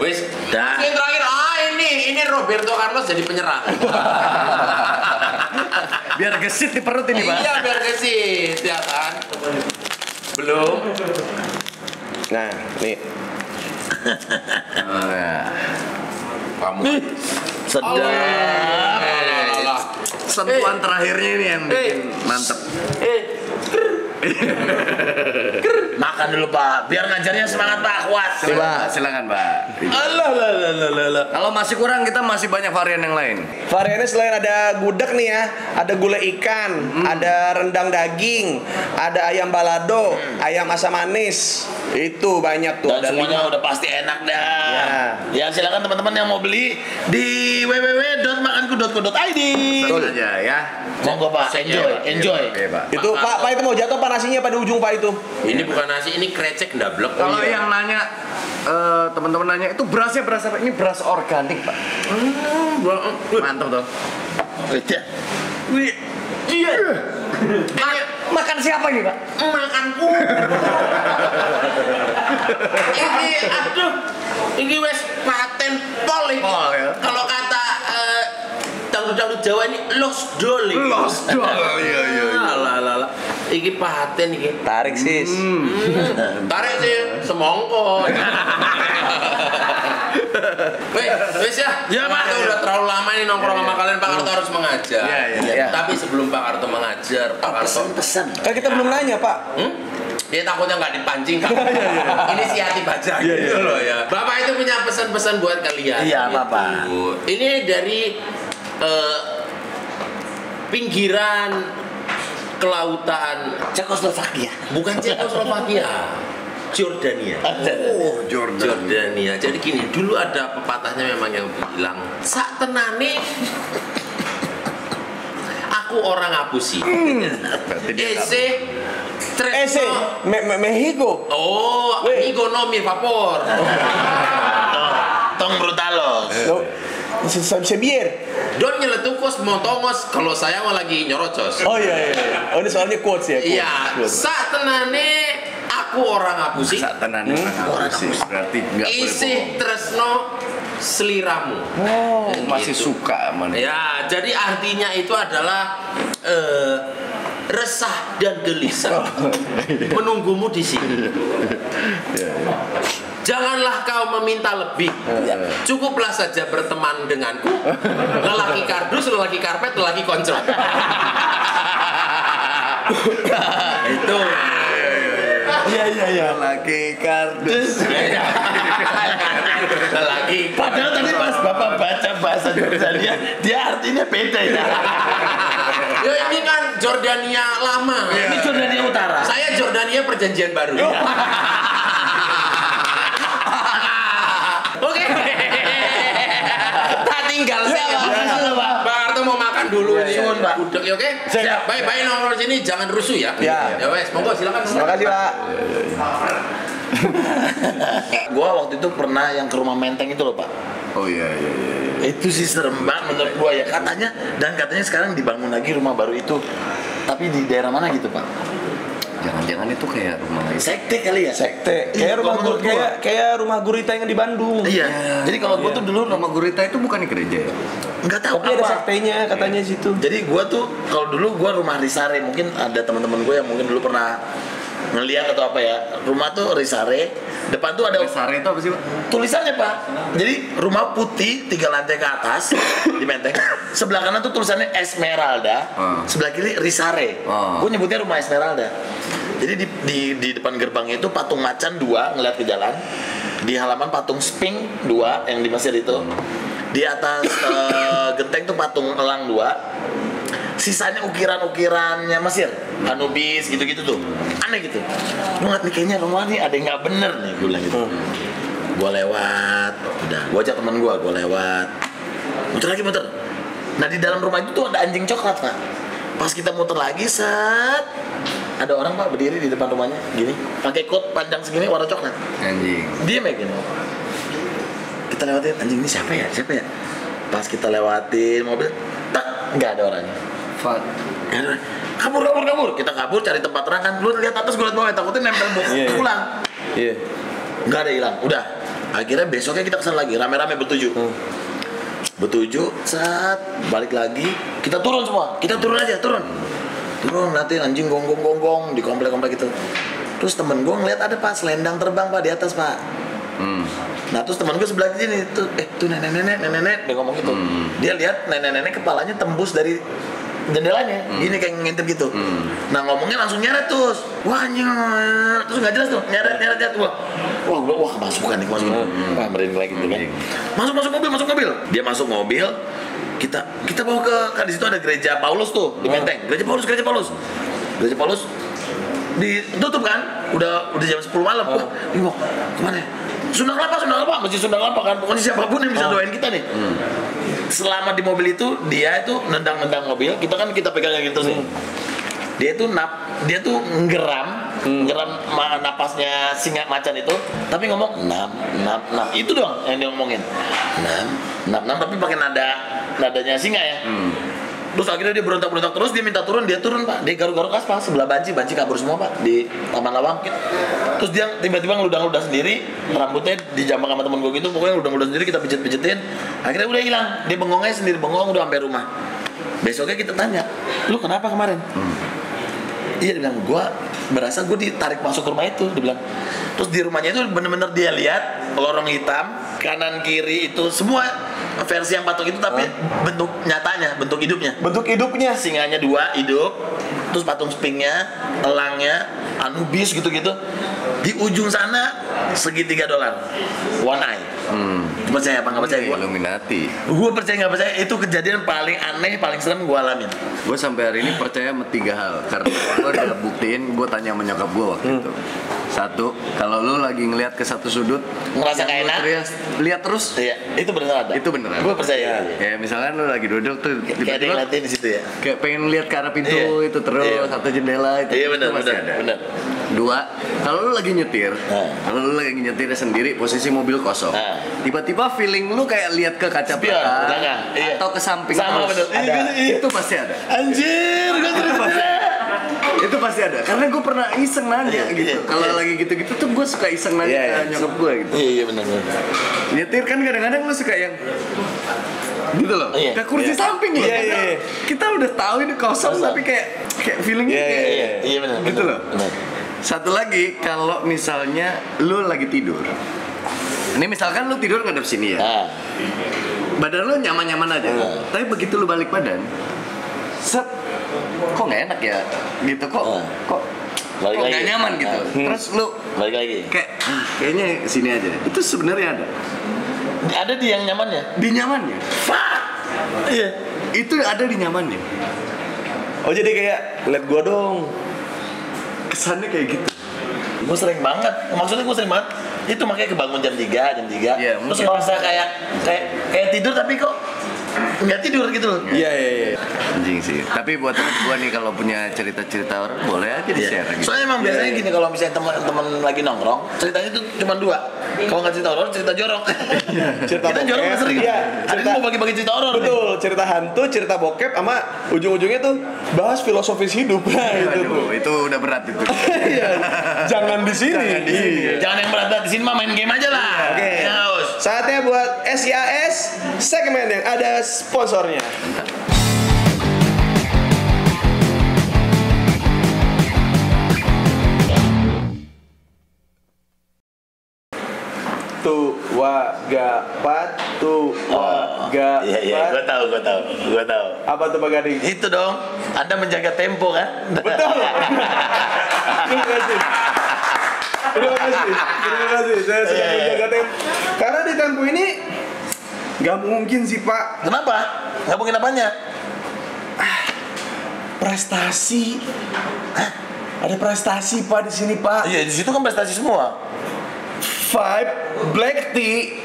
Wis. Dah. Yang terakhir ah ini ini Roberto Carlos jadi penyerang. biar gesit di perut ini pak. Iya biar gesit ya kan. Belum. Nah, nih kamu. Nih, sedap. Sentuhan terakhirnya ini yang bikin mantep. Eh. Makan dulu Pak, biar ngajarnya semangat Pak kuat. Coba iya, silakan Pak. Allah lah lah lah Kalau masih kurang kita masih banyak varian yang lain. Variannya selain ada gudeg nih ya, ada gulai ikan, hmm. ada rendang daging, ada ayam balado, hmm. ayam asam manis. Itu banyak tuh. Dan semuanya udah pasti enak dah. Ya, ya silakan teman-teman yang mau beli di www.makanku.co.id. Betul aja ya. Monggo Pak, enjoy, iya, enjoy. Iya, pak. Itu Pak, Pak, Pak itu mau jatuh Pak nasinya pada ujung Pak itu. Ini bukan nasi, ini krecek ndablek. Kalau oh, iya. yang nanya uh, teman-teman nanya itu berasnya beras apa? Ini beras organik, Pak. Hmm, mantap dong. Iya. Wih. Iya. iya. makan siapa ini, Pak? Makanku. ini aduh. Ini wes paten pol ini. Pol dangdut Jawa ini lost doli, Los Lost doll. Iya iya iya. Ah, lah lah lah. Iki paten iki. Tarik sis. Hmm. Tarik sih semongko. Wes, wes ya. Ya Pak. Ya. udah terlalu lama ini nongkrong sama iya, iya. kalian Pak Karto iya. harus mengajar. Iya iya. Ya. Tapi sebelum Pak Karto mengajar, Pak oh, Karto pesan Kan kita belum nanya, Pak. Hmm? Dia takutnya nggak dipancing kan. Ini si hati baca gitu loh ya. Bapak itu punya pesan-pesan buat kalian. Iya, Bapak. Gitu. Ini dari eh, pinggiran kelautan Cekoslovakia. Bukan Cekoslovakia. Jordania. Oh, Jordania. Jordania. Jadi gini, dulu ada pepatahnya memang yang bilang, "Sak tenane aku orang apusi." Hmm. Ese Ese me me Mexico. Oh, amigo no mi favor. Tong brutalos. Xavier. Don nyeletukos mau tongos kalau saya mah lagi nyorocos. Oh iya iya. iya. Oh ini soalnya quotes ya. Iya. Saat tenane aku orang ngapusi. Sak tenane hmm? orang sih Berarti nggak boleh. Isih tresno seliramu. Oh, gitu. masih suka mana. Ya, jadi artinya itu adalah eh, resah dan gelisah. Oh, iya. Menunggumu di sini. Iya, Janganlah kau meminta lebih. Iya. Cukuplah saja berteman denganku. Lelaki kardus, lelaki karpet, lelaki koncrot. itu. Iya iya iya. Lelaki kardus. Iya, iya. Lelaki. Padahal tadi pas Bapak baca bahasa Jordania, dia artinya beda ya. Ya ini kan Jordania lama. Ini Jordania Utara. Saya Jordania Perjanjian Baru. dulu ya, pun iya, iya. Pak. Budek ya oke. Siap. Bye-bye iya. nomor sini jangan rusuh ya. Ya. Ya wes, monggo silakan. Terima kasih, Pak. gua waktu itu pernah yang ke rumah menteng itu loh pak oh iya iya iya itu sih serem banget menurut gua ya katanya dan katanya sekarang dibangun lagi rumah baru itu tapi di daerah mana gitu pak Jangan-jangan itu kayak rumah sekte kali ya? Sekte. Kayak rumah guru, kayak kayak rumah gurita yang di Bandung. Iya. iya. Jadi kalau iya. gua tuh dulu rumah gurita itu bukan di gereja ya. Enggak tahu Tapi apa. ada sektenya katanya iya. situ. Jadi gua tuh kalau dulu gua rumah Risare mungkin ada teman-teman gua yang mungkin dulu pernah ngelihat atau apa ya rumah tuh risare depan tuh ada risare itu apa sih pak tulisannya pak jadi rumah putih tiga lantai ke atas di menteng sebelah kanan tuh tulisannya Esmeralda hmm. sebelah kiri risare hmm. Ah. gue nyebutnya rumah Esmeralda jadi di, di, di depan gerbangnya itu patung macan dua ngeliat ke jalan di halaman patung sping dua yang di masjid itu hmm. di atas uh, genteng tuh patung elang dua sisanya ukiran-ukirannya Mesir Anubis gitu-gitu tuh aneh gitu gue ngeliat nih kayaknya rumah nih ada yang nggak bener nih gue bilang gitu hmm. gue lewat udah gue ajak teman gue gue lewat muter lagi muter nah di dalam rumah itu tuh ada anjing coklat pak pas kita muter lagi set ada orang pak berdiri di depan rumahnya gini pakai coat panjang segini warna coklat anjing Dia ya gini kita lewatin anjing ini siapa ya siapa ya pas kita lewatin mobil tak nggak ada orangnya kabur kabur kabur kita kabur cari tempat terang kan lu lihat atas gue liat bawah takutnya nempel bok yeah, iya. pulang iya yeah. nggak ada hilang udah akhirnya besoknya kita kesana lagi rame-rame bertuju, hmm. bertuju saat balik lagi kita turun semua kita turun aja turun turun nanti anjing gonggong gonggong di komplek komplek itu terus temen gue ngeliat ada pak selendang terbang pak di atas pak hmm. nah terus temen gue sebelah sini tuh eh tuh nenek nenek nenek nenek dia ngomong gitu hmm. dia lihat nenek nenek kepalanya tembus dari jendelanya hmm. ini kayak ngintip gitu hmm. nah ngomongnya langsung nyeret terus wah nyeret terus nggak jelas tuh nyeret nyeret nyeret wah wah gue wah masuk nih masuk hmm, hmm. wah merinding lagi gitu kan masuk masuk mobil masuk mobil dia masuk mobil kita kita bawa ke kan di situ ada gereja Paulus tuh di hmm. Menteng gereja Paulus gereja Paulus gereja Paulus ditutup kan udah udah jam sepuluh malam oh. wah ini mau kemana ya? Sunda Kelapa, Sunda Kelapa, masih Sunda Kelapa kan. Pokoknya siapapun yang bisa oh. doain kita nih. Hmm selama di mobil itu dia itu nendang-nendang mobil kita kan kita pegang yang gitu sih hmm. dia tuh nap dia tuh ngeram hmm. ngeram napasnya singa macan itu tapi ngomong nap nap nap itu doang yang dia ngomongin nap nap nap tapi pakai nada nadanya singa ya hmm terus akhirnya dia berontak berontak terus dia minta turun dia turun pak dia garuk garuk aspal sebelah banci banci kabur semua pak di taman lawang gitu terus dia tiba-tiba ngeludah ngeludah sendiri rambutnya dijambak sama temen gue gitu pokoknya ngeludah ngeludah sendiri kita pijet-pijetin akhirnya udah hilang dia bengongnya sendiri bengong udah sampai rumah besoknya kita tanya lu kenapa kemarin hmm iya dia bilang gue berasa gue ditarik masuk ke rumah itu dia bilang terus di rumahnya itu bener-bener dia lihat lorong hitam kanan kiri itu semua versi yang patung itu tapi bentuk nyatanya bentuk hidupnya bentuk hidupnya singanya dua hidup terus patung spingnya elangnya anubis gitu-gitu di ujung sana segitiga dolar one eye hmm. percaya apa nggak percaya gue Illuminati gue percaya nggak percaya itu kejadian paling aneh paling serem gue alamin gue sampai hari ini percaya sama tiga hal karena gue udah buktiin gue tanya menyokap gue waktu hmm. itu satu kalau lu lagi ngelihat ke satu sudut ngerasa kayak enak terias, lihat terus iya itu beneran ada itu beneran gue percaya ya. ya misalnya lu lagi duduk tuh tiba-tiba di situ ya kayak pengen lihat ke arah pintu iya. itu terus iya. satu jendela itu iya bener, itu masih bener, ada bener. dua kalau lu lagi nyetir nah. kalau lu lagi nyetir sendiri posisi mobil kosong tiba nah. tiba-tiba feeling lu kayak lihat ke kaca belakang iya. atau ke samping sama terus. bener iya, ada. Iya, iya. itu pasti ada anjir gue terus itu pasti ada karena gue pernah iseng nanya iya, gitu iya. kalau iya. lagi gitu-gitu tuh gue suka iseng nanya yeah, yeah. nyokap gue gitu iya iya benar benar nyetir kan kadang-kadang lo suka yang gitu loh yeah. ke kursi yeah. samping loh yeah, yeah, kita udah tahu ini kosong, Masa. tapi kayak kayak feelingnya yeah, kayak yeah, yeah. iya benar gitu loh satu lagi kalau misalnya lu lagi tidur ini misalkan lu tidur ngadep sini ya ah. badan lu nyaman-nyaman aja ah. tapi begitu lu balik badan set kok nggak enak ya gitu kok nah. kok Lagi kok nggak nyaman gitu nah. terus lu Lagi lagi kayak ah, kayaknya sini aja itu sebenarnya ada ada di yang nyamannya di nyamannya fuck iya itu ada di nyamannya oh jadi kayak lihat gua dong kesannya kayak gitu gua sering banget maksudnya gua sering banget itu makanya kebangun jam 3, jam 3 yeah, terus merasa kayak kayak kayak tidur tapi kok nggak tidur gitu loh. Iya iya iya. Anjing sih. Tapi buat temen gue nih kalau punya cerita-cerita orang boleh aja di iya. share. Gitu. Soalnya emang iya, biasanya iya. gini kalau misalnya teman-teman lagi nongkrong, ceritanya tuh cuma dua. Kalau nggak cerita horor, cerita jorok. cerita Kita jorok nggak sering. Iya. Cerita mau bagi-bagi cerita horor. Betul. Cerita hantu, cerita bokep, sama ujung-ujungnya tuh bahas filosofis hidup. Nah, itu tuh. Itu udah berat itu. Jangan di sini. Jangan di sini. Jangan yang berat-berat di sini mah main game aja lah. Oke. Ya, Saatnya buat SIAS segmen yang ada sponsornya. tu wa pat oh, iya iya gua tau, gua tau, gua tau. apa tuh Pak Gading itu dong Anda menjaga tempo kan betul terima kasih terima kasih terima kasih saya sudah iya, iya, iya. menjaga tempo karena di Tempo ini nggak mungkin sih Pak. Kenapa? Nggak mungkin apanya? Ah, prestasi. Hah? Ada prestasi Pak di sini Pak. Iya di situ kan prestasi semua. Five black tea.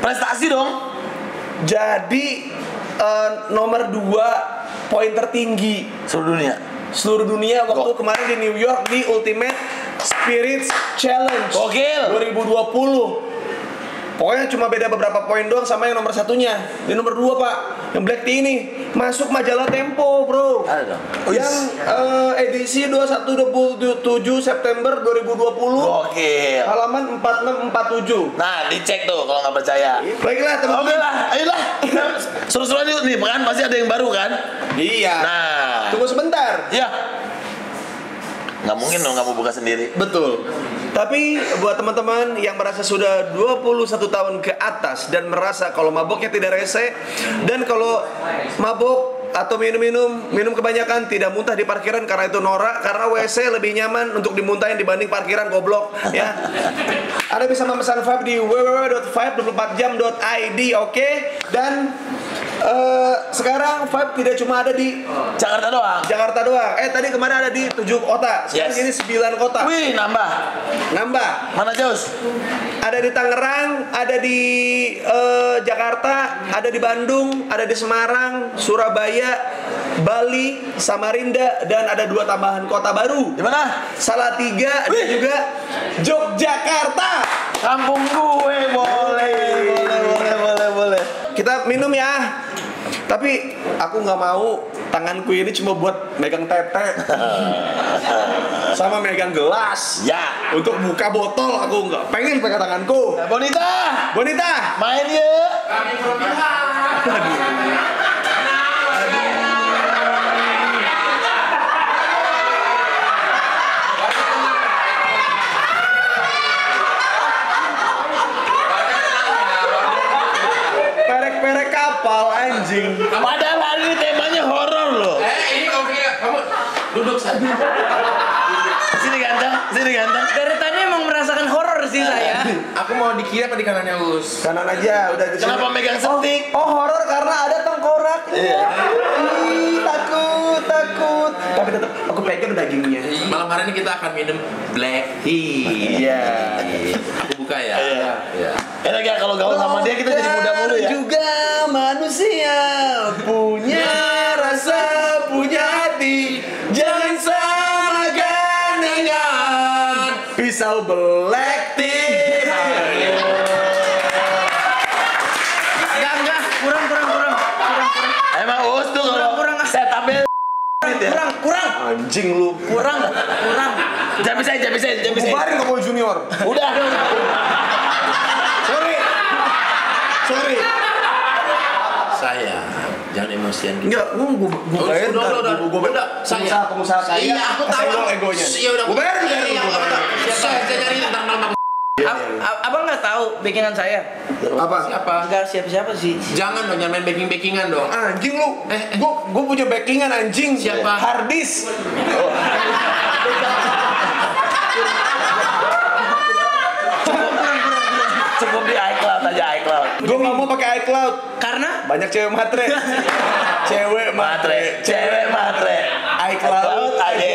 Prestasi dong. Jadi uh, nomor dua poin tertinggi seluruh dunia. Seluruh dunia waktu Go. kemarin di New York di Ultimate Spirits Challenge. Gokil. 2020 Pokoknya cuma beda beberapa poin doang sama yang nomor satunya. Yang nomor dua pak, yang Black Tea ini masuk majalah Tempo bro. Aduh. Yang uh, edisi 21 27 September 2020. Oke. Halaman 4647. Nah dicek tuh kalau nggak percaya. Baiklah teman-teman. Oke lah, ayolah. seru suruh yuk nih, kan pasti ada yang baru kan? Iya. Nah. Tunggu sebentar. Iya nggak mungkin dong kamu buka sendiri betul tapi buat teman-teman yang merasa sudah 21 tahun ke atas dan merasa kalau maboknya tidak rese dan kalau mabok atau minum-minum minum kebanyakan tidak muntah di parkiran karena itu norak karena WC lebih nyaman untuk dimuntahin dibanding parkiran goblok ya Anda bisa memesan vape di www.vape24jam.id oke okay? dan uh, sekarang vibe tidak cuma ada di Jakarta doang. Jakarta doang. Eh tadi kemana ada di tujuh kota. Sekarang yes. ini sembilan kota. Wih, nambah. Nambah. Mana Jos? Ada di Tangerang, ada di uh, Jakarta, ada di Bandung, ada di Semarang, Surabaya, Bali, Samarinda dan ada dua tambahan kota baru. Di mana? Salatiga Wih. dan juga Yogyakarta. Kampung gue boleh. Boleh, boleh, boleh, boleh. Kita minum ya tapi aku nggak mau tanganku ini cuma buat megang tete sama megang gelas ya untuk buka botol aku nggak pengen pakai tanganku Bonita Bonita main yuk kami kapal anjing. Padahal hari ini temanya horor loh. Eh, ini kamu kira kamu duduk saja. sini ganteng, sini ganteng. Dari tadi emang merasakan horor sih saya. Eh, aku mau di kiri apa di kanannya Lus? Kanan aja, udah di Kenapa megang stick? Oh, oh horor karena ada tengkorak. Iya. takut, takut. Tapi tetap aku pegang dagingnya. Malam hari ini kita akan minum black tea. Iya. Aku buka ya. Iya. Iya. Enak ya kalau gaul sama dia kita jadi muda mulu ya. Juga manusia punya rasa punya hati jangan samakan dengan pisau belek enggak kurang kurang kurang kurang kurang emang us tuh kurang kurang ah. saya tampil gitu ya? kurang kurang anjing lu kurang kurang jamis saya jamis saya jamis saya bubarin kamu junior udah sorry sorry jangan emosian gitu. Enggak, gua gua gua bayar. Udah, udah, udah. Gua saya pengusaha saya. Iya, aku tahu egonya. Iya, udah. Gua bayar. Iya, iya, Saya nyari tentang nama Abang nggak tahu backingan saya. Apa? Siapa? Enggak siapa siapa sih. Jangan dong, jangan main backing backingan dong. Anjing lu. Eh, eh, gua gua punya backingan anjing. Siapa? Hardis. Oh. aja iya, iCloud. Gue nggak mau pakai iCloud. Karena? Banyak cewek matre. cewek matre. Cewek matre. iCloud aja.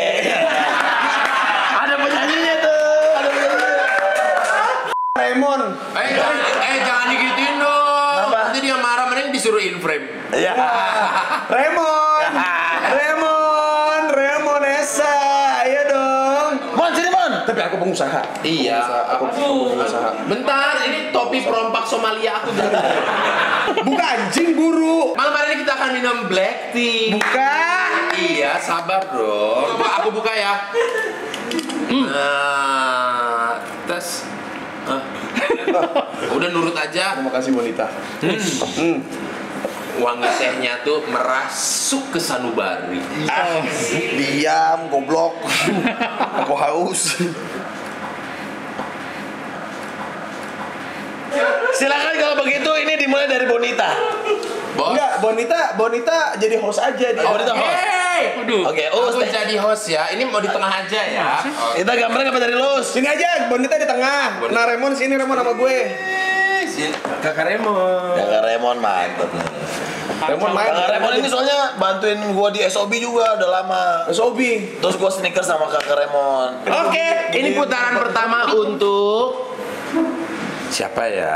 Ada penyanyinya tuh. Ada penyanyinya. Raymond. Eh, eh jangan digituin dong. Nanti dia marah mending disuruh in frame. Iya. Raymond. tapi aku pengusaha. Iya. Pengusaha. Aku Aduh. pengusaha. Bentar, ini topi perompak Somalia aku dulu. Bukan anjing buru. Malam hari ini kita akan minum black tea. Buka? Iya, sabar dong. Coba aku buka ya. Hmm. Nah, tes. Ah. Udah nurut aja. Terima kasih wanita. Hmm. Hmm wangi tehnya tuh merasuk ke sanubari. Ah, diam, goblok. Aku haus. Silakan kalau begitu ini dimulai dari Bonita. Bos. Enggak, Bonita, Bonita jadi host aja dia. Oh, Bonita host. Hey. Oke, okay, host. Aku jadi host ya. Ini mau di tengah aja ya. Kita gambarnya apa dari los. Sini aja, Bonita di tengah. Nah, Bonita. Nah, Remon sini Remon sama gue. Iya, Kakak Remon. Kakak Remon mantep. Remon main. Kakak Remon ini soalnya bantuin gua di SOB juga udah lama. SOB. Terus gua sneakers sama Kakak Remon. Oke, okay, ini iya. putaran pertama untuk siapa ya?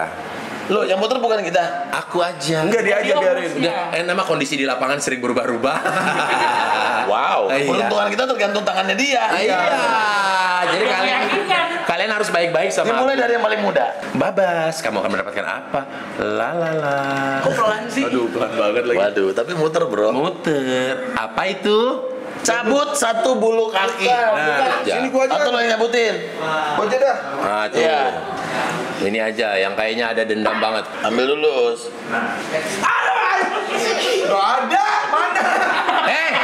Lo yang muter bukan kita. Aku aja. Enggak dia aja biarin. Udah, eh nama kondisi di lapangan sering berubah-ubah. wow. Keuntungan iya. kita tergantung tangannya dia. Iya. Jadi kalian Kalian harus baik-baik sama Dimulai aku. dari yang paling muda. Babas, kamu akan mendapatkan apa? La la la. Kok pelan sih? Aduh, pelan banget lagi. Waduh, tapi muter, Bro. Muter. Apa itu? cabut satu bulu kaki. nah, bukan. Sini ya. gua aja. Atau lo yang nyebutin. Gua aja dah. Nah, itu Ya. Ini aja yang kayaknya ada dendam banget. Ambil lulus. Nah. ada, ada. Mana? Eh,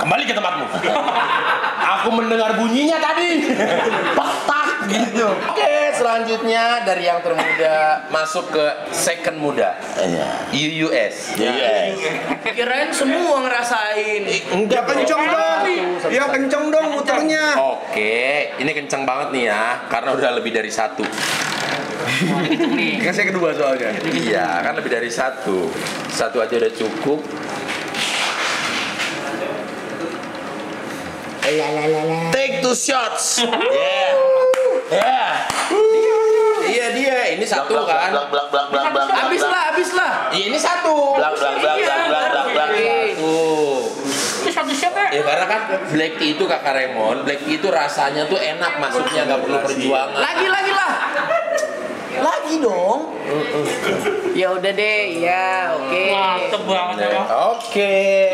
kembali ke tempatmu. Aku mendengar bunyinya tadi. Petak gitu. Oke, selanjutnya dari yang termuda masuk ke second muda. Iya. UUS. Iya. UUS. Kirain semua ngerasain. Iya, Enggak ya iya, kenceng dong. Ya kenceng dong muternya. Oke, ini kenceng banget nih ya karena udah lebih dari satu. saya kedua soalnya. Iya, kan lebih dari satu. Satu aja udah cukup. Take two shots. Yeah. Yeah. Iya dia, ini satu kan. Blak blak blak blak blak. Habis lah, habis lah. Iya ini satu. Blak blak blak blak blak blak blak. Itu iya. satu siapa? ya. karena kan black tea itu kakak Raymond, black tea itu rasanya tuh enak maksudnya nggak perlu iya, perjuangan. Lagi lagi lah lagi dong. ya udah deh, ya oke. Okay. Oke. Okay.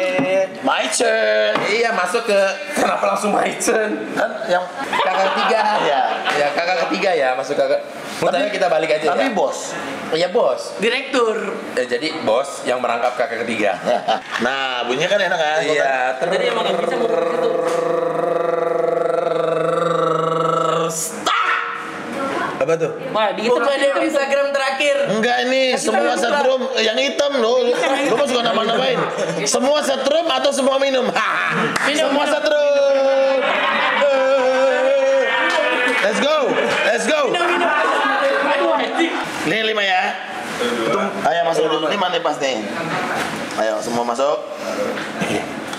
My turn. Iya, masuk ke kenapa langsung my turn? Kan yang kakak ketiga. ya, ya kakak ketiga ya, masuk kakak. Mutanya kita balik aja tapi ya. bos. Iya bos. Direktur. Ya, jadi bos yang merangkap kakak ketiga. nah, bunyinya kan enak kan? Iya. terus emang bisa apa tuh? Wah, iya. di Bukan itu di Instagram terakhir. Enggak ini Tapi semua setrum eh, yang hitam loh. Lu, mau suka nama-namain. semua setrum atau semua minum? minum semua minum. setrum. Eh, let's go. Let's go. Ini lima ya. Ayo masuk dulu. Ini mana pas nih? Ayo semua masuk.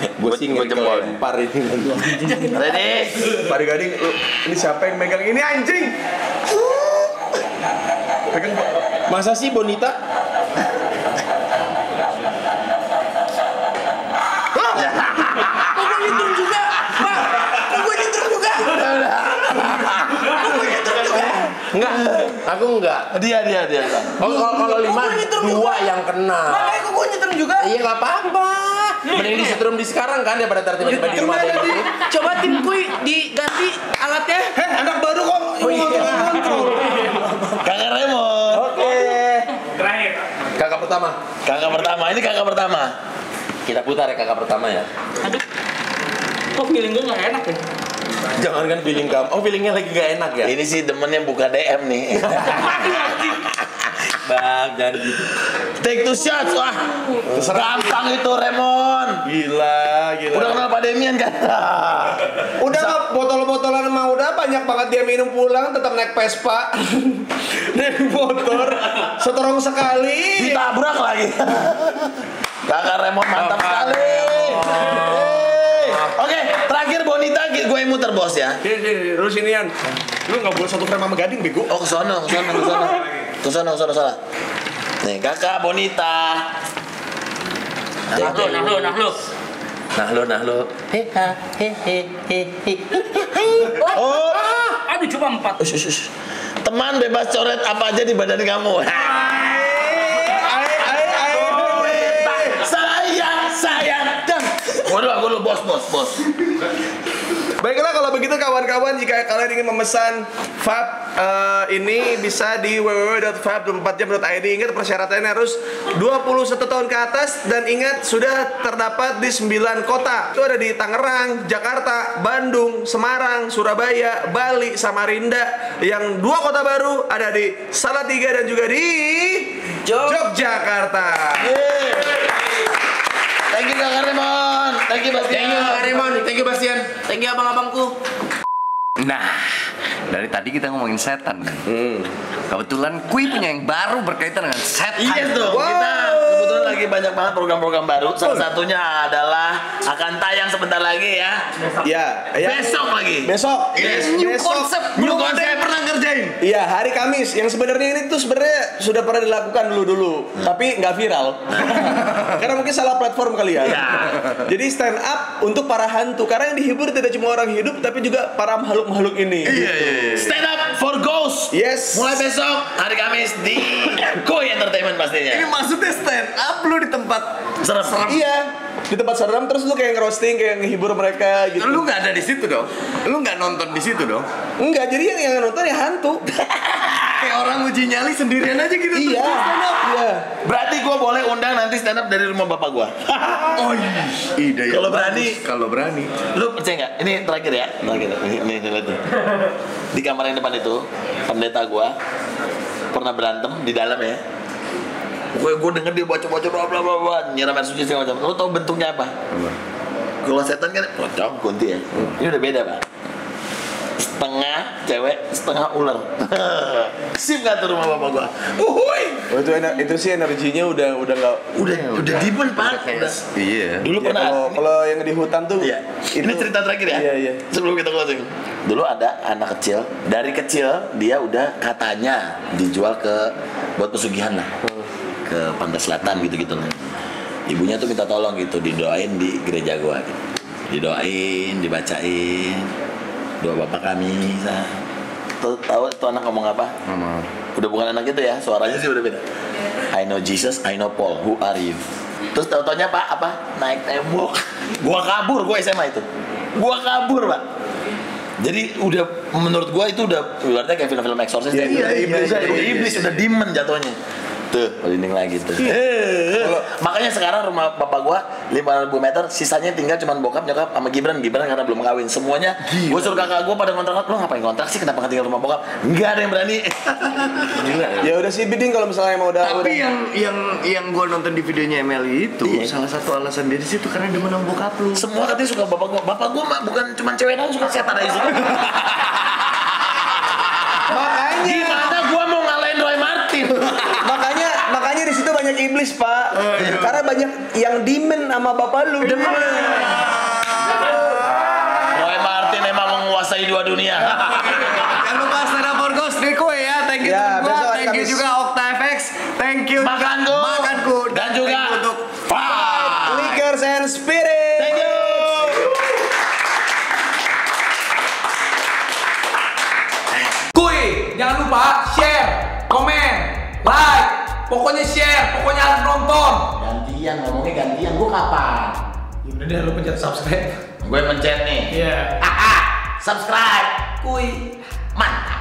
gue sih gue jempol lempar ini ready pari gading ini siapa yang megang ini anjing Ya kan? Masa sih Bonita? Kok gue nyetrum juga? Pak, kok gue nyetrum juga? Enggak, aku enggak. Dia, dia, dia. Oh, kalau, kalau lima, dua yang kena. Makanya kok gue nyetrum juga? Iya, nggak apa-apa. Mending setrum di sekarang kan daripada tiba-tiba di rumah Coba, Coba tim kuy diganti alatnya. Heh, anak baru kok. Oh, iya. Kakak Raymond. Oke. Terakhir. Kakak pertama. Kakak pertama. Ini kakak pertama. Kita putar ya kakak pertama ya. Aduh. Kok feeling gue gak enak ya? Jangan kan feeling kamu. Oh, feelingnya lagi gak enak ya? Ini sih demen yang buka DM nih. Bang, jangan gitu. Take two shots, wah. Gampang itu, Remo. Gila, gila. Udah kenal Demian kan? udah nggak botol-botolan mah udah banyak banget dia minum pulang tetap naik Vespa. naik motor setorong sekali. Ditabrak lagi. Kakak Remon mantap Bapak sekali. Oke, okay, terakhir Bonita gue yang muter bos ya. Sini, lu sinian. Lu nggak boleh satu frame sama gading bego. Oh, ke sono, ke sono, ke sono. Ke sono, ke sono, Nih, Kakak Bonita. Nah lo nah lo nah lo Nah lo nah lu. Heha, hehe, hehe. Oh, oh. Ah, aduh cuma empat. Ush, ush, ush. Teman bebas coret apa aja di badan kamu. Saya, saya, dan. Waduh, aku lo bos, bos, bos. Baiklah kalau begitu kawan-kawan jika kalian ingin memesan Fab uh, ini bisa di www.fab24jam.id. Ingat persyaratannya harus 21 tahun ke atas dan ingat sudah terdapat di 9 kota. Itu ada di Tangerang, Jakarta, Bandung, Semarang, Surabaya, Bali, Samarinda. Yang dua kota baru ada di Salatiga dan juga di Jogjakarta. Yogyakarta. Thank you Kak Remon you Bastian. Ya, Thank you Raymond. Thank you Bastian. Thank you abang-abangku. Nah, dari tadi kita ngomongin setan. Hmm. Kebetulan Kui punya yang baru berkaitan dengan setan. Iya yes, tuh. Wow. Kita lagi banyak banget program-program baru. Salah satunya adalah akan tayang sebentar lagi ya. Ya, ya. Besok lagi. Besok. Yes. New Besok. konsep. New konsep pernah kerjain Iya, hari Kamis yang sebenarnya ini tuh sebenarnya sudah pernah dilakukan dulu dulu, hmm. tapi nggak viral. karena mungkin salah platform kali ya. ya. Jadi stand up untuk para hantu karena yang dihibur tidak cuma orang hidup tapi juga para makhluk-makhluk ini. Iya, gitu. iya, iya. Stand up Yes. Mulai besok hari Kamis di Koi Entertainment pastinya. Ini maksudnya stand up lu di tempat serem. serem. Iya di tempat seram terus lu kayak ngerosting kayak ngehibur mereka gitu lu nggak ada di situ dong lu nggak nonton di situ dong nggak jadi yang yang nonton ya hantu kayak orang uji nyali sendirian aja gitu iya iya berarti gua boleh undang nanti stand up dari rumah bapak gua oh iya. ide ya kalau berani kalau berani lu percaya nggak ini terakhir ya terakhir ini ini, ini, di kamar yang depan itu pendeta gua pernah berantem di dalam ya gue gue denger dia baca baca bla bla bla bla nyiram air suci segala macam lo tau bentuknya apa kalau setan kan pocong kunti ya hmm. ini udah beda pak setengah cewek setengah ular kesip nggak tuh rumah bapak gua uhui oh, itu enak itu sih energinya udah udah nggak udah ya, udah dimen pak udah iya dulu ya, pernah kalau, yang di hutan tuh iya. itu, ini cerita terakhir ya iya, iya. sebelum kita closing dulu ada anak kecil dari kecil dia udah katanya dijual ke buat pesugihan lah hmm ke Pantai Selatan gitu-gitu nih. Ibunya tuh minta tolong gitu didoain di gereja gua gitu. Didoain, dibacain doa bapak kami. Nah. Tuh, tahu tuh anak ngomong apa? Udah bukan anak itu ya, suaranya sih udah beda. I know Jesus, I know Paul. Who are you? Terus tau-taunya pak apa? Naik tembok. gua kabur, gua SMA itu. Gua kabur pak. Jadi udah menurut gua itu udah ibaratnya kayak film-film eksorsis. Iya, ya, iya, iya, iblis, iya, iya, iblis, iya, iya, iblis iya, iya. udah demon jatuhnya. Tuh. Gitu. Merinding lagi tuh. Iya. makanya sekarang rumah bapak gua 5000 meter, sisanya tinggal cuman bokap, nyokap sama Gibran. Gibran karena belum kawin. Semuanya Gila. gua suruh kakak gua pada kontrak, "Lu ngapain kontrak sih? Kenapa tinggal rumah bokap?" Enggak ada yang berani. Gila. Ya. ya udah sih bidding kalau misalnya mau udah Tapi yang yang yang gua nonton di videonya Emily itu iya. salah satu alasan dia situ karena dia menang bokap lu. Semua katanya suka bapak gua. Bapak gua mah bukan cuman cewek doang suka setan aja. Makanya gimana gua banyak iblis pak oh, iya. karena banyak yang demen sama bapak lu iya. demen Boy Martin emang menguasai dua dunia jangan lupa stand up for ghost di kue ya thank you ya, juga thank you juga OctaFX thank you makanku makanku dan, dan juga untuk Fight and Spirit thank you jangan lupa share, komen, like, Pokoknya share, pokoknya harus nonton. Gantian ngomongnya gantian, gua kapan? Ya udah deh lu pencet subscribe. Gue pencet nih. Iya. Yeah. Subscribe. Kuy. Mantap.